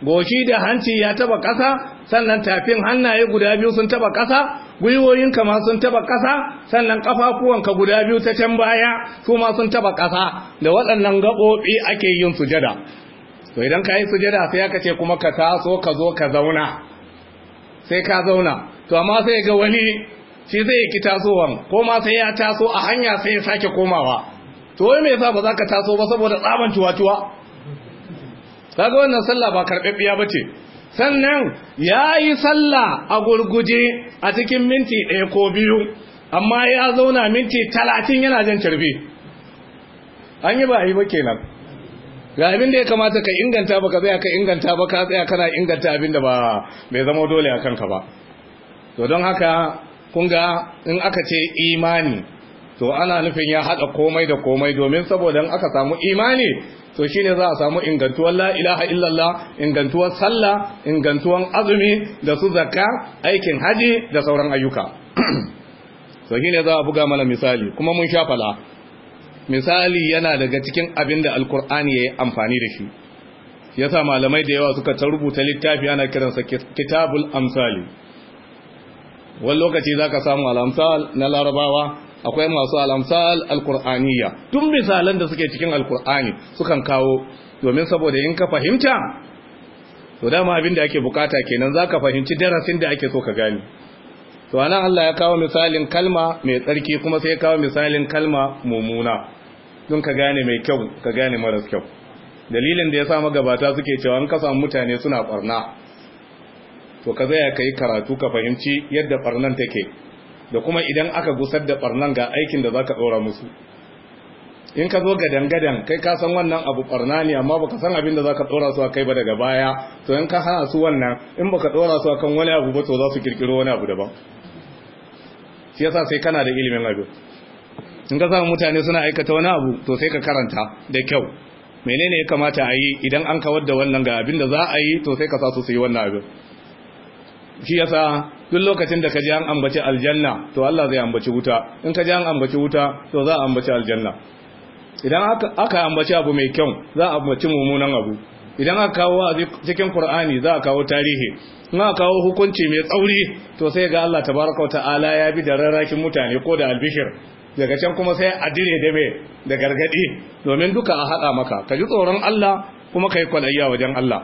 Speaker 1: goshi da hanci ya taba kasa sannan tafin hannaye guda biyu sun taba kasa gwiwoyinka ma sun taba ƙasa sannan ƙafafuwanka guda biyu ta can baya su ma sun taba ƙasa da waɗannan gaɓoɓi ake yin sujada to idan ka yi sujada sai aka ce kuma ka taso ka zo ka zauna sai ka zauna to amma sai ga wani shi zai ki tasowan ko ma sai ya taso a hanya sai ya sake komawa to wai me yasa ba za ka taso ba saboda tsaban tuwa-tuwa kaga wannan sallah ba karɓaɓɓiya ba ce sannan ya yi sallah a gurguje a cikin minti ɗaya ko biyu amma ya zauna minti talatin yana jan carbe an yi ba a yi ba kenan ga abin da ya kamata ka inganta ba ka tsaya ka inganta ba ka tsaya kana inganta abin da ba bai zama dole a kanka ba to don haka kunga in aka ce imani to ana nufin ya haɗa komai da komai domin saboda in aka samu imani to shine za a samu ingantuwar la illallah ingantuwar sallah ingantuwar azumi da su zakka aikin haji da sauran ayyuka to ne za a buga mana misali kuma mun sha fala misali yana daga cikin abin da alkur'ani ya yi amfani da shi yasa malamai da yawa suka ta rubuta littafi ana kiransa kitabul amsali wani lokaci za ka samu al'amsal na larabawa akwai masu alamsal alkur'aniya tun misalan da suke cikin alkur'ani sukan kawo domin saboda in ka fahimta to dama abin da ake bukata kenan za ka fahimci darasin da ake so ka gani to anan Allah ya kawo misalin kalma mai tsarki kuma sai ya kawo misalin kalma mumuna don ka gane mai kyau ka gane maras kyau dalilin da ya sa magabata suke cewa an kasa mutane suna barna to ka zaya ka yi karatu ka fahimci yadda barnan take da kuma idan aka gusar da barnan ga aikin da zaka dora musu in ka zo gadan-gadan kai ka san wannan abu barna ne amma baka san abin da zaka dora su kai ba daga baya to in ka hana su wannan in baka dora su kan wani abu ba to za su kirkiro wani abu daban shi yasa sai kana da ilimin abu in ka samu mutane suna aikata wani abu to sai ka karanta da kyau menene ya kamata a yi idan an kawar da wannan ga abin da za a yi to sai ka sa su su yi wannan abin shi yasa duk lokacin da ka ji an ambaci aljanna to Allah zai ambaci wuta in ka ji an ambaci wuta to za a ambaci aljanna idan aka ambaci abu mai kyau za a ambaci mummunan abu idan aka kawo a cikin Qur'ani za a kawo tarihi in aka kawo hukunci mai tsauri to sai ga Allah tabaraka wa ta'ala ya bi da rarrakin mutane ko da albishir daga can kuma sai a dire da mai da gargadi domin duka a haɗa maka ka ji tsoron Allah kuma ka yi kwalayya wajen Allah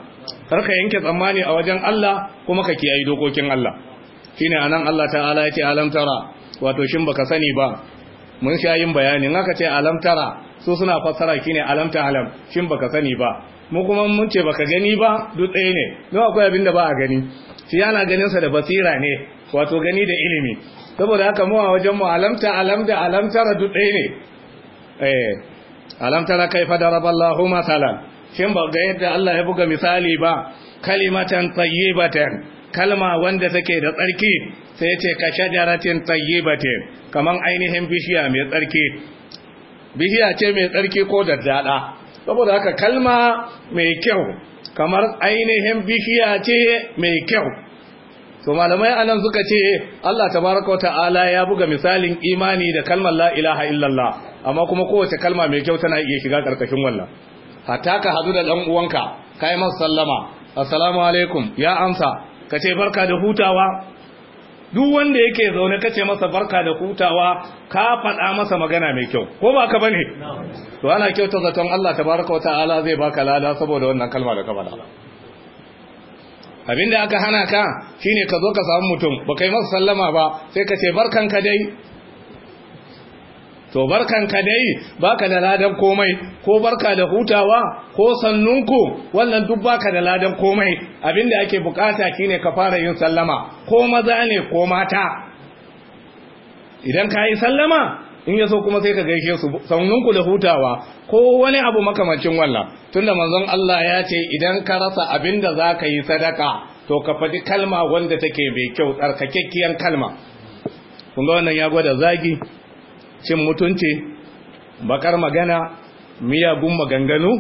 Speaker 1: kar ka yanke tsammani a wajen Allah kuma ka kiyaye dokokin Allah shine anan Allah ta'ala yace alam tara wato shin baka sani ba mun sha yin bayani in aka ce alam tara su suna fassara shine alam ta alam shin baka sani ba mu kuma mun ce baka gani ba duk ɗaya ne don akwai abin da ba a gani shi yana ganin sa da basira ne wato gani da ilimi saboda haka mu a wajen mu alamta alam da alam tara duk ɗaya ne eh alam tara kaifa daraballahu masalan shin ba ga yadda Allah ya buga misali ba kalimatan tayyibatan kalma wanda take da tsarki sai ya ce ka shajaratin tayyibati kaman ainihin bishiya mai tsarki bishiya ce mai tsarki ko daddada saboda haka kalma mai kyau kamar ainihin bishiya ce mai kyau to malamai anan suka ce Allah tabaraka ta'ala ya buga misalin imani da kalmar la ilaha illallah amma kuma kowace kalma mai kyau tana iya shiga karkashin wannan hatta ka hadu da dan uwanka kai masa sallama assalamu alaikum ya amsa ka ce barka da hutawa duk wanda yake zaune ka ce masa barka da hutawa ka faɗa masa magana mai kyau ko ba ka bane to ana kyauta zaton Allah tabaraka wata'ala zai baka lada saboda wannan kalma da ka faɗa abinda aka hana ka shine ka zo ka samu mutum ba kai masa sallama ba sai ka ce barkanka dai to barkan ka dai baka da ladan komai ko barka da hutawa ko sannunku wannan duk baka da ladan komai abinda ake bukata shine ka fara yin sallama ko maza ne ko mata idan ka yi sallama in ya kuma sai ka gaishe su sauninku da hutawa ko wani abu makamancin wannan tunda manzon Allah ya ce idan ka rasa abin da za ka yi sadaka to ka faɗi kalma wanda take mai kyau tsarkakekkiyar kalma kun ga wannan ya gwada zagi cin mutunci bakar magana miyagun maganganu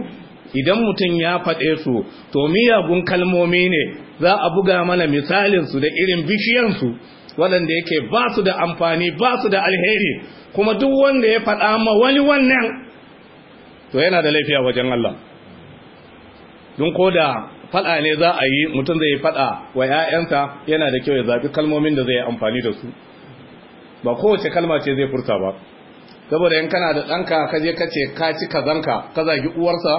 Speaker 1: idan mutum ya faɗe su to miyagun kalmomi ne za a buga mana misalinsu da irin bishiyansu waɗanda yake ba su da amfani ba su da alheri kuma duk wanda ya faɗa ma wani wannan to yana da laifiya wajen Allah don ko da faɗa ne za a yi mutum zai faɗa wa 'ya'yansa yana da kyau ya zaɓi kalmomin da zai yi amfani da su ba kowace kalma ce zai furta ba saboda in kana da ɗanka ka je ka ce ka ci kazanka ka zagi uwarsa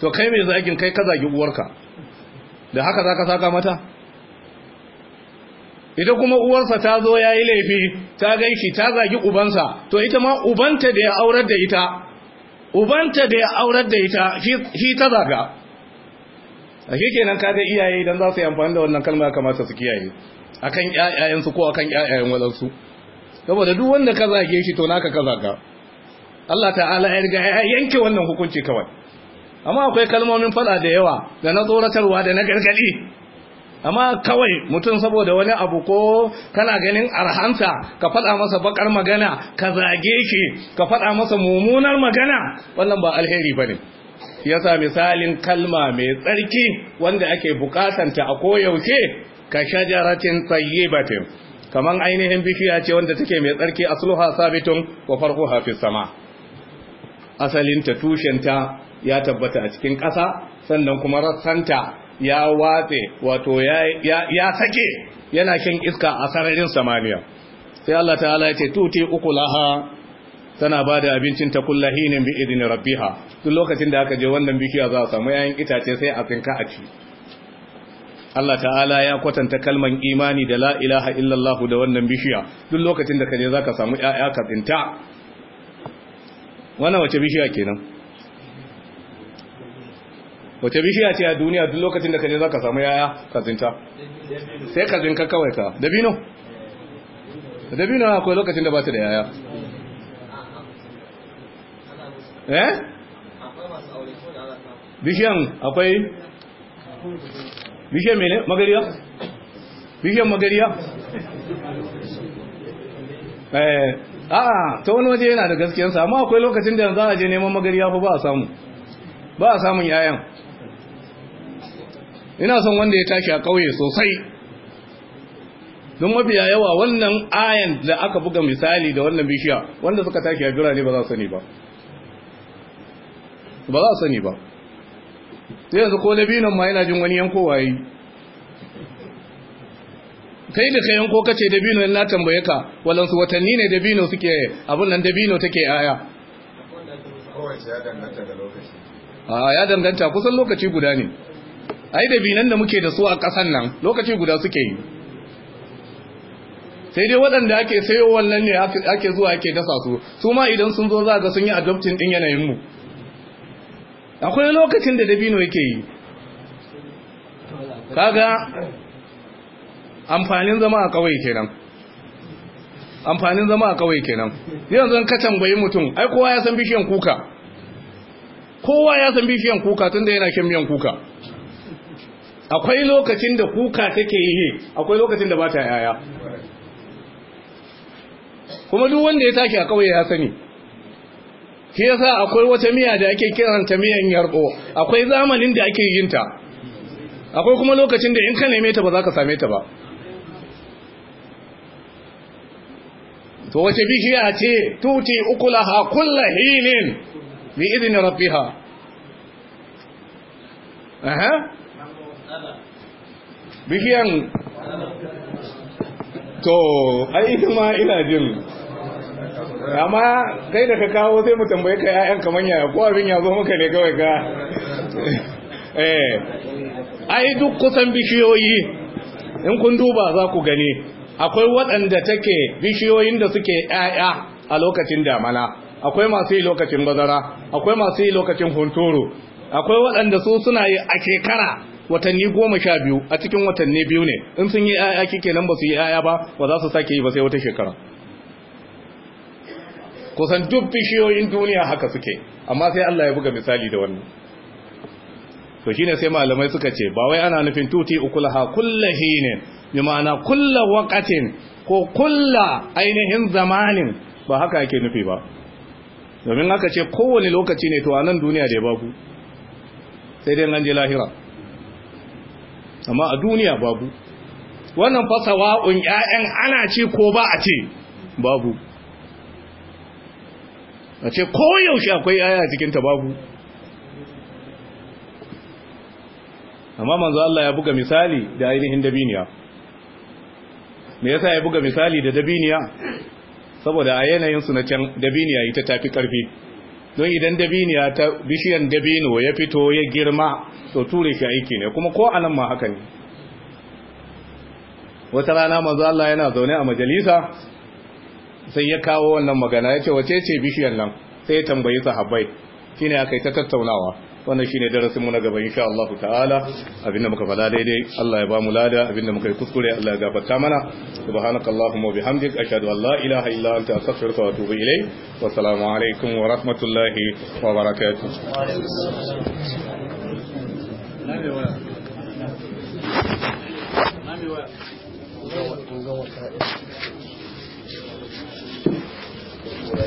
Speaker 1: to kai mai zagin kai ka zagi uwarka da haka za ka saka mata ita kuma uwarsa ta zo ya yi laifi ta gaishi ta zagi ubansa to ita ma ubanta da ya aurar da ita ubanta da ya aurar da ita shi ta zaga a shi kenan ga iyaye idan za su yi amfani da wannan kalma kamata su kiyaye akan su ko akan ƴaƴayen wadansu saboda duk wanda ka zage shi to naka ka zaga Allah ta'ala ya riga ya yanke wannan hukunci kawai amma akwai kalmomin fada da yawa da na tsoratarwa da na gargadi amma kawai mutum saboda wani abu ko kana ganin arhanta ka fada masa bakar magana ka zage shi ka fada masa mummunar magana wannan ba alheri bane yasa misalin kalma mai tsarki wanda ake bukatanta a koyaushe ka shajaratin tayyibatin kaman ainihin bishiya ce wanda take mai tsarki asluha sabitun wa farquha fi sama asalin ta tushen ta ya tabbata a cikin ƙasa sannan kuma rassanta ya watse wato ya sake yana shan iska a sararin samaniya sai Allah ta'ala ya ce tuti ukulaha tana ba da abincin ta kullahinin bi idni rabbiha duk lokacin da aka je wannan bishiya za a samu yayin itace sai a tsinka a ci Allah ta'ala ya kwatanta kalman imani da la ilaha illallah da wannan bishiya duk lokacin da kaje zaka samu ƴaƴa ka wannan wace bishiya kenan wace bishiya ce a duniya duk lokacin da kaje zaka samu ƴaƴa ka tsinta sai ka zinka kawai ka dabino dabino akwai lokacin da ba ta da ƴaƴa eh bishiyan akwai Bishiyar mene? Magariya? Bishiyar magariya? a'a, eh, ta wani waje yana da sa amma akwai lokacin da za a je neman magariya fa ba a samu. Ba a samun 'ya'yan. Ina son wanda ya tashi a ƙauye sosai, don mafiya yawa wannan ayan da aka buga misali da wannan bishiya wanda suka tashi a birane ba za su sani ba ba za su sani ba sai yanzu ko na binan ma yana jin wani yanko waye kai da kai yanko kace da binan na tambaye ka su watanni ne da binan suke abun nan da binan take aya a ya danganta kusan lokaci guda ne ai da binan da muke da su a kasan nan lokaci guda suke yi sai dai waɗanda ake sayo wannan ne ake zuwa ake dasa su su ma idan sun zo za ga sun yi adoptin din yanayin mu akwai lokacin da dabino yake yi kaga amfanin zama a kawai kenan amfanin zama a kawai kenan yanzu ka tambayi mutum ai kowa ya san bishiyan kuka kowa ya san bishiyan kuka tunda yana shan miyan kuka akwai lokacin da kuka take yi akwai lokacin da ba ta yaya kuma duk wanda ya tashi a kawai ya sani shi yasa akwai wata miya da ake kiranta miyan yarko akwai zamanin da ake yin ta akwai kuma lokacin da in ka neme ta ba za ka same ta ba to wace bishiya ce tuti ukulaha kulla hilin bi idin rabbiha aha bishiyan to ai ma ina jin amma kai da ka kawo zai mu tambaye ka ƴaƴan kaman yaya ko abin ya zo maka ne kawai ka eh ai duk kusan bishiyoyi in kun duba za ku gani akwai waɗanda take bishiyoyin da suke ƴaƴa a lokacin damana akwai masu yi lokacin bazara akwai masu yi lokacin hunturu akwai waɗanda su suna yi a shekara watanni goma sha biyu a cikin watanni biyu ne in sun yi 'ya'ya kike nan ba su yi 'ya'ya ba ba za su sake yi ba sai wata shekara kusan duk bishiyoyin duniya haka suke amma sai Allah ya buga misali da wannan to shine sai malamai suka ce ba wai ana nufin tuti ukulaha kullahin bi ma'ana kulla waqatin ko kulla ainihin zamanin ba haka yake nufi ba domin haka ce kowane lokaci ne to a nan duniya da ya babu sai dai an je lahira amma a duniya babu wannan fasawa'un 'ya'yan ana ci ko ba a ce babu a ce koyaushe akwai aya cikin tababu? babu amma manzo Allah ya buga misali da ainihin dabiniya me yasa ya buga misali da dabiniya saboda a yanayin su na can dabiniya ita ta fi karfi don idan dabiniya ta bishiyan dabino ya fito ya girma to ture shi aiki ne kuma ko anan ma haka ne wata rana manzo Allah yana zaune a majalisa sai ya kawo wannan magana ya ce wace ce bishiyar nan sai ya tambayi sahabbai shine aka yi ta tattaunawa wannan shine darasin mu na gaba insha Allah ta'ala abinda muka fada daidai Allah ya ba mu lada abinda muka yi kuskure Allah ya gafarta mana subhanakallahumma wa bihamdik ashhadu an la ilaha illa anta astaghfiruka wa atubu ilayk wa assalamu wa rahmatullahi wa barakatuh
Speaker 3: to